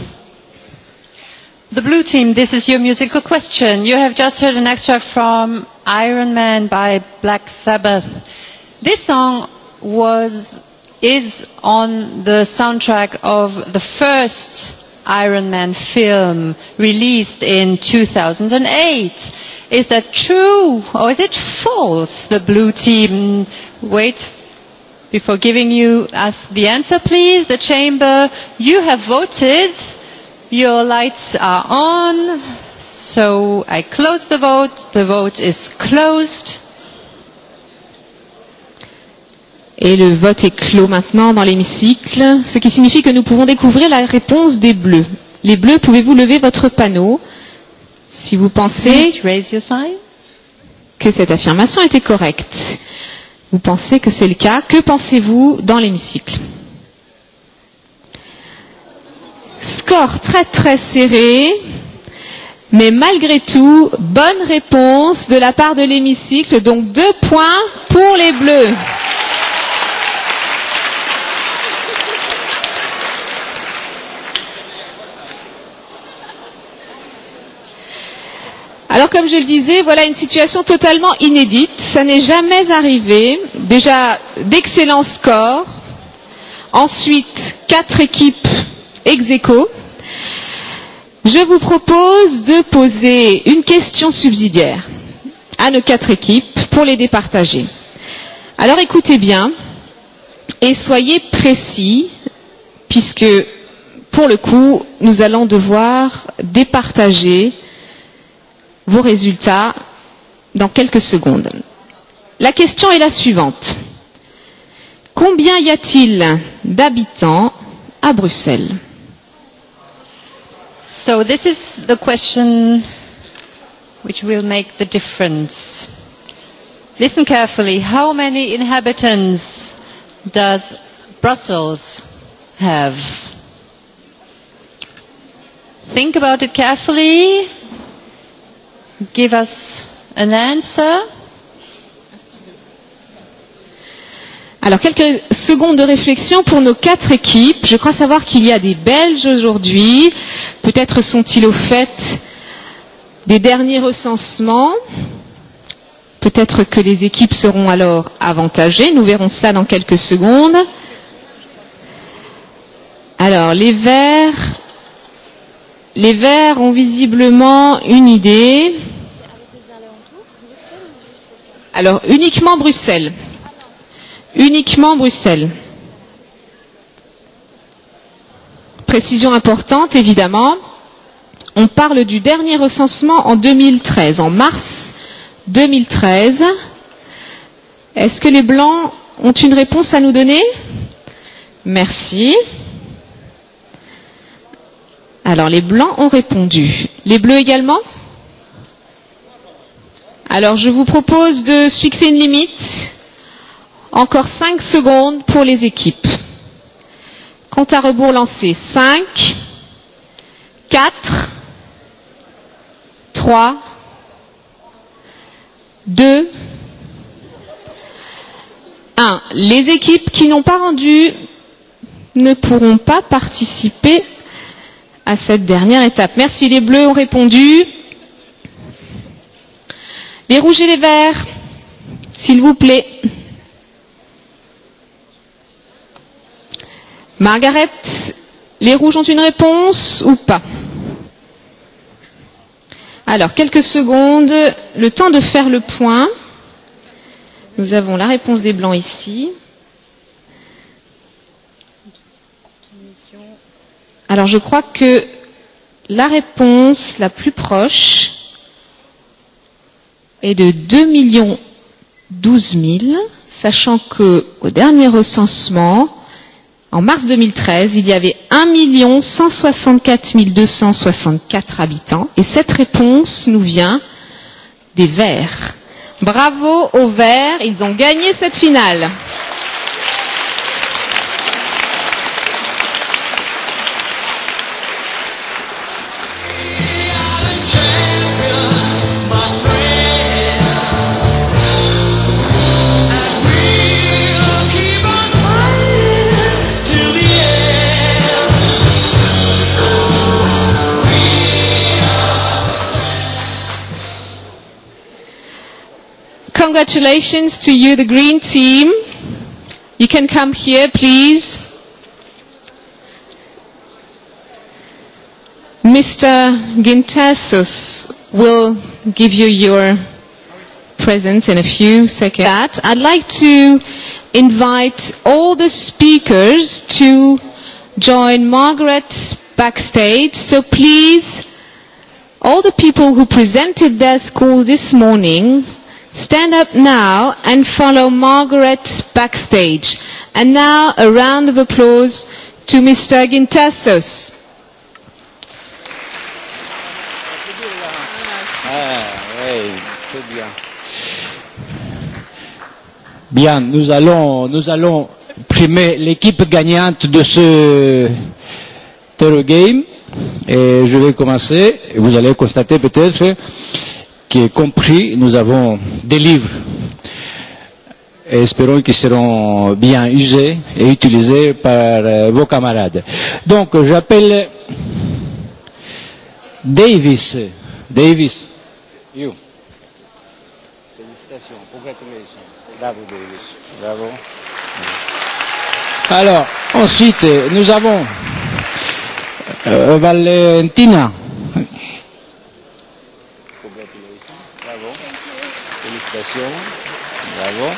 The Blue Team, this is your musical question. You have just heard an extract from Iron Man by Black Sabbath. This song was, is on the soundtrack of the first Iron Man film released in 2008. Is that true or is it false? The blue team. Wait, before giving you us the answer, please. The chamber, you have voted. Your lights are on. So I close the vote. The vote is closed. Et le vote est clos maintenant dans l'hémicycle, ce qui signifie que nous pouvons découvrir la réponse des bleus. Les bleus, pouvez-vous lever votre panneau si vous pensez que cette affirmation était correcte Vous pensez que c'est le cas Que pensez-vous dans l'hémicycle Score très très serré, mais malgré tout, bonne réponse de la part de l'hémicycle, donc deux points pour les bleus. Alors, comme je le disais, voilà une situation totalement inédite. Ça n'est jamais arrivé. Déjà, d'excellents scores. Ensuite, quatre équipes ex -aequo. Je vous propose de poser une question subsidiaire à nos quatre équipes pour les départager. Alors, écoutez bien et soyez précis, puisque, pour le coup, nous allons devoir départager euh, vos résultats dans quelques secondes. La question est la suivante. Combien y a-t-il d'habitants à Bruxelles So this is the question which will make the difference. Listen carefully. How many inhabitants does Brussels have? Think about it carefully give us an answer. Alors, quelques secondes de réflexion pour nos quatre équipes. Je crois savoir qu'il y a des Belges aujourd'hui. Peut-être sont-ils au fait des derniers recensements. Peut-être que les équipes seront alors avantagées. Nous verrons cela dans quelques secondes. Alors, les Verts. Les Verts ont visiblement une idée. Alors, uniquement Bruxelles. Uniquement Bruxelles. Précision importante, évidemment. On parle du dernier recensement en 2013, en mars 2013. Est-ce que les Blancs ont une réponse à nous donner Merci. Alors, les Blancs ont répondu. Les Bleus également Alors je vous propose de se fixer une limite. Encore 5 secondes pour les équipes. Compte à rebours lancé. 5, 4, 3, 2, 1. Les équipes qui n'ont pas rendu ne pourront pas participer à cette dernière étape. Merci les bleus ont répondu. Les rouges et les verts, s'il vous plaît. Margaret, les rouges ont une réponse ou pas Alors, quelques secondes, le temps de faire le point. Nous avons la réponse des blancs ici. Alors, je crois que la réponse la plus proche, est de 2 millions 12 000, sachant que au dernier recensement, en mars 2013, il y avait 1 164 264 habitants. Et cette réponse nous vient des Verts. Bravo aux Verts, ils ont gagné cette finale. congratulations to you, the green team. You can come here, please. Mr. Gintasos will give you your presence in a few seconds. That I'd like to invite all the speakers to join Margaret backstage. So please, all the people who presented their schools this morning, Stand up now and follow Margaret backstage. And now a round of applause to Mr. Gintassos. Bien, nous allons, nous allons primer l'équipe gagnante de ce Terror Game. Et je vais commencer. Vous allez constater peut-être. Euh, qui est compris. Nous avons des livres et espérons qu'ils seront bien usés et utilisés par euh, vos camarades. Donc, j'appelle Davis. Davis. You. Félicitations. Congratulations. Bravo, Davis. Bravo. Alors, ensuite, nous avons euh, Valentina. félicitations. Bravo.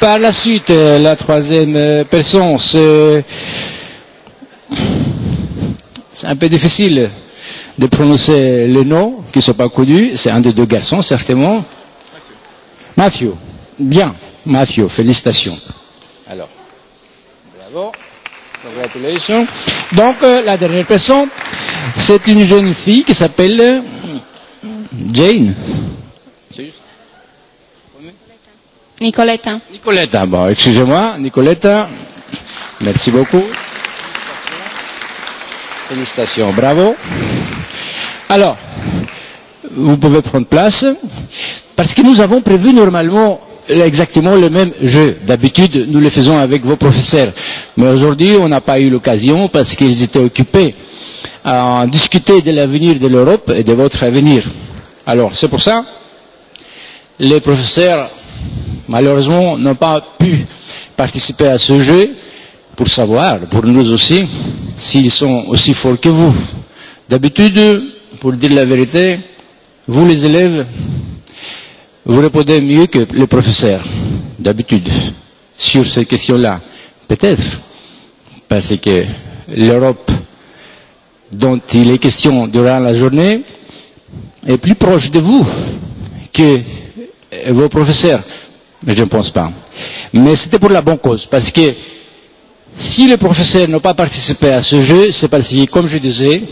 Par la suite, euh, la troisième euh, personne, c'est, c'est un peu difficile de prononcer les noms qui ne sont pas connus. C'est un des deux garçons, certainement. Mathieu. Bien. Mathieu, félicitations. Alors. Bravo. Congratulations. Donc, euh, la dernière personne, c'est une jeune fille qui s'appelle Jane. Nicoletta. Nicoletta, bon, excusez-moi, Nicoletta. Merci beaucoup. Félicitations, bravo. Alors, vous pouvez prendre place, parce que nous avons prévu normalement exactement le même jeu. D'habitude, nous le faisons avec vos professeurs. Mais aujourd'hui, on n'a pas eu l'occasion, parce qu'ils étaient occupés, à en discuter de l'avenir de l'Europe et de votre avenir. Alors, c'est pour ça, les professeurs malheureusement n'ont pas pu participer à ce jeu pour savoir, pour nous aussi, s'ils sont aussi forts que vous. D'habitude, pour dire la vérité, vous les élèves, vous répondez mieux que les professeurs, d'habitude, sur ces questions-là. Peut-être, parce que l'Europe dont il est question durant la journée est plus proche de vous que Euh, vos professeurs, je ne pense pas. Mais c'était pour la bonne cause, parce que si les professeurs n'ont pas participé à ce jeu, c'est parce que, comme je disais,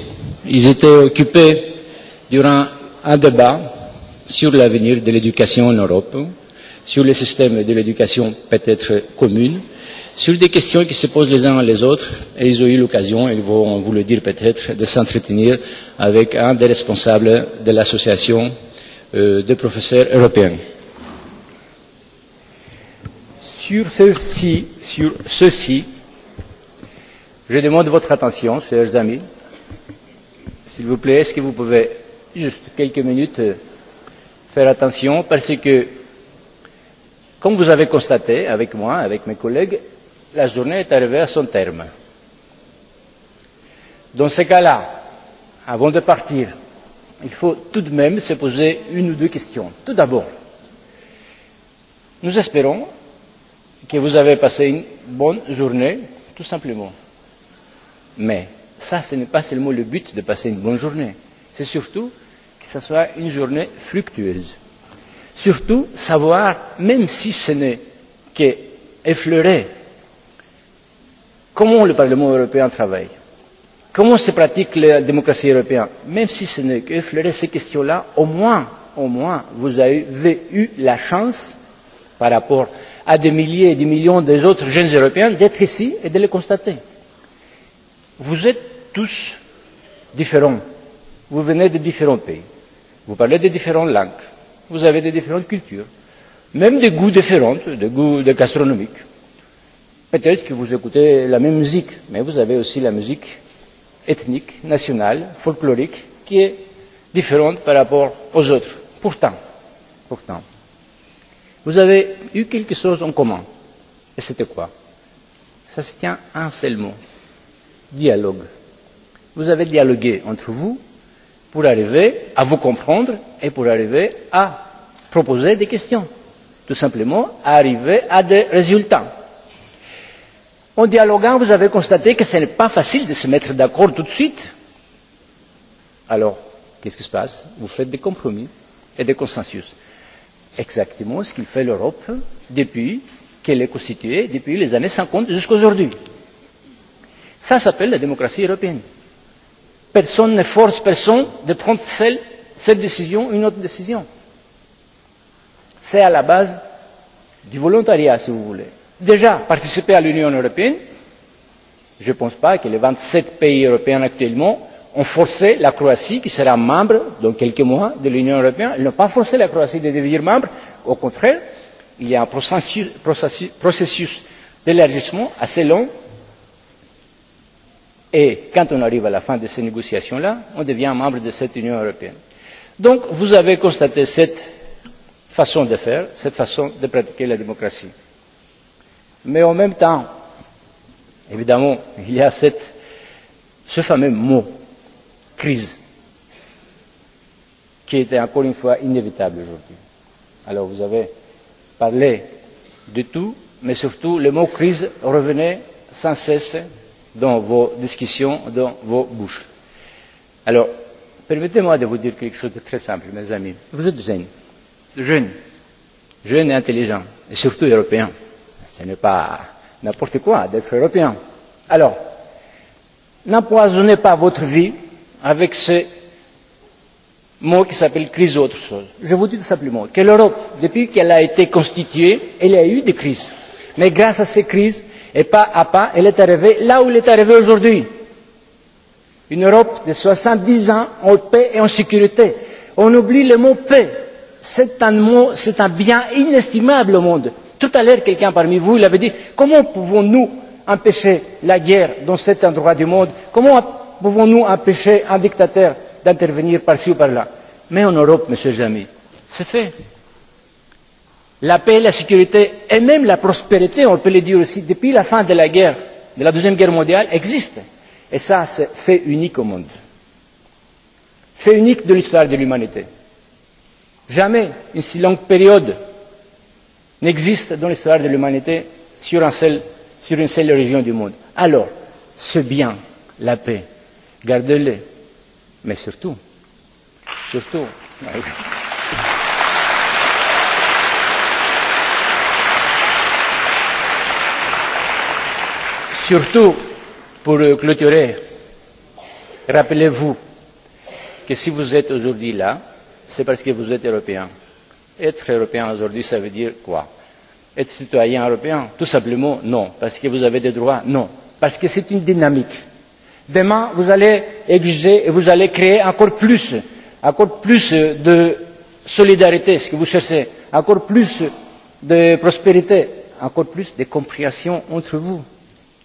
ils étaient occupés durant un débat sur l'avenir de l'éducation en Europe, sur le système de l'éducation peut-être commune, sur des questions qui se posent les uns les autres, et ils ont eu l'occasion, ils vont vous le dire peut-être, de s'entretenir avec un des responsables de l'association euh, des professeurs européens sur ceci je demande votre attention chers amis s'il vous plaît est ce que vous pouvez juste quelques minutes euh, faire attention parce que comme vous avez constaté avec moi avec mes collègues la journée est arrivée à son terme dans ce cas là avant de partir il faut tout de même se poser une ou deux questions tout d'abord nous espérons que vous avez passé une bonne journée, tout simplement. Mais ça, ce n'est pas seulement le but de passer une bonne journée. C'est surtout que ce soit une journée fructueuse. Surtout savoir, même si ce n'est qu'effleurer, comment le Parlement européen travaille, comment se pratique la démocratie européenne, même si ce n'est qu'effleurer ces questions-là, au moins, au moins, vous avez eu la chance par rapport à des milliers et des millions d'autres jeunes européens d'être ici et de le constater. vous êtes tous différents vous venez de différents pays vous parlez de différentes langues vous avez de différentes cultures même des goûts différents des goûts gastronomiques. peut être que vous écoutez la même musique mais vous avez aussi la musique ethnique nationale folklorique qui est différente par rapport aux autres. pourtant vous avez eu quelque chose en commun. Et c'était quoi Ça se tient à un seul mot dialogue. Vous avez dialogué entre vous pour arriver à vous comprendre et pour arriver à proposer des questions. Tout simplement, arriver à des résultats. En dialoguant, vous avez constaté que ce n'est pas facile de se mettre d'accord tout de suite. Alors, qu'est-ce qui se passe Vous faites des compromis et des consensus exactement ce qu'a fait l'europe depuis qu'elle est constituée depuis les années cinquante jusqu'à aujourd'hui. cela s'appelle la démocratie européenne. personne ne force personne à prendre cette décision ou une autre décision. c'est à la base du volontariat si vous voulez. déjà participer à l'union européenne je ne pense pas que les vingt sept pays européens actuellement ont forcé la croatie qui sera membre dans quelques mois de l'union européenne elles n'ont pas forcé la croatie à devenir membre au contraire il y a un processus d'élargissement assez long et quand on arrive à la fin de ces négociations là on devient membre de cette union européenne. donc vous avez constaté cette façon de faire cette façon de pratiquer la démocratie. mais en même temps évidemment il y a ce fameux mot crise qui était encore une fois inévitable aujourd'hui. Alors vous avez parlé de tout, mais surtout le mot crise revenait sans cesse dans vos discussions, dans vos bouches. Alors, permettez-moi de vous dire quelque chose de très simple, mes amis. Vous êtes jeune, jeune, jeune et intelligent, et surtout européen. Ce n'est pas n'importe quoi d'être européen. Alors, n'empoisonnez pas votre vie avec ce mot qui s'appelle crise ou autre chose. je vous dis tout simplement que l'europe depuis qu'elle a été constituée elle a eu des crises mais grâce à ces crises et pas à pas elle est arrivée là où elle est arrivée aujourd'hui une europe de soixante dix ans en paix et en sécurité. on oublie le mot paix c'est un mot c'est un bien inestimable au monde. tout à l'heure quelqu'un parmi vous l'avait dit comment pouvons nous empêcher la guerre dans cet endroit du monde? comment pouvons nous empêcher un dictateur d'intervenir par ci ou par là? mais en europe mes chers amis c'est fait. la paix la sécurité et même la prospérité on peut le dire aussi depuis la fin de la guerre de la deuxième guerre mondiale existent et cela c'est un fait unique au monde fait unique de l'histoire de l'humanité. jamais une si longue période n'existe dans l'histoire de l'humanité sur, un sur une seule région du monde. alors c'est bien la paix gardez les mais surtout surtout surtout pour euh, clôturer rappelez vous que si vous êtes aujourd'hui là c'est parce que vous êtes européen. être européen aujourd'hui ça veut dire quoi? être citoyen européen tout simplement? non. parce que vous avez des droits? non. parce que c'est une dynamique demain vous allez exiger et vous allez créer encore plus de solidarité ce que vous cherchez encore plus de prospérité encore plus de compréhension entre vous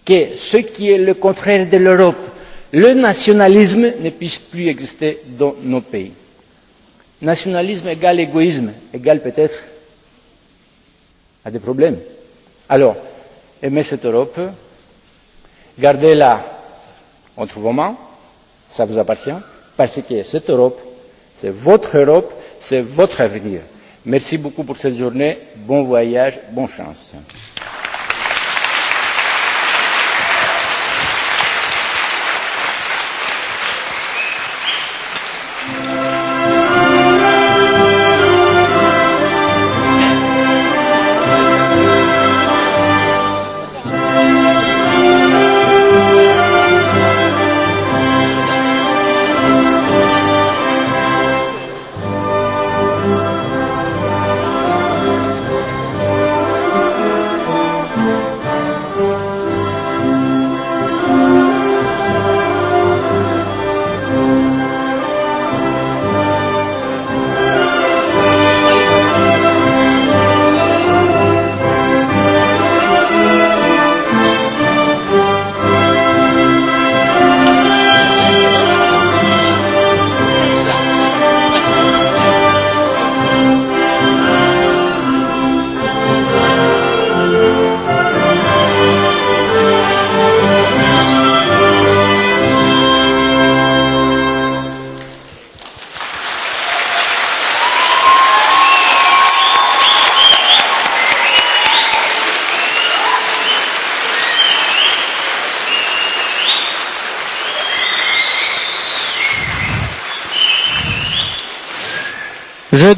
que ce qui est le contraire de l'europe le nationalisme ne puisse plus exister dans nos pays. nationalisme égale égoïsme égale peut être à des problèmes. alors aimez cette europe gardez la entre vos mains cela vous appartient parce que cette europe c'est votre europe c'est votre avenir. merci beaucoup pour cette journée bon voyage bonne chance.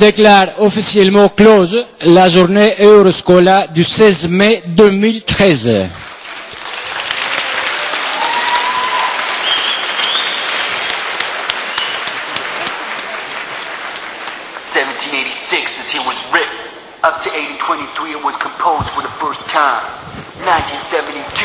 déclare officiellement close la journée Euroscola du 16 mai 2013.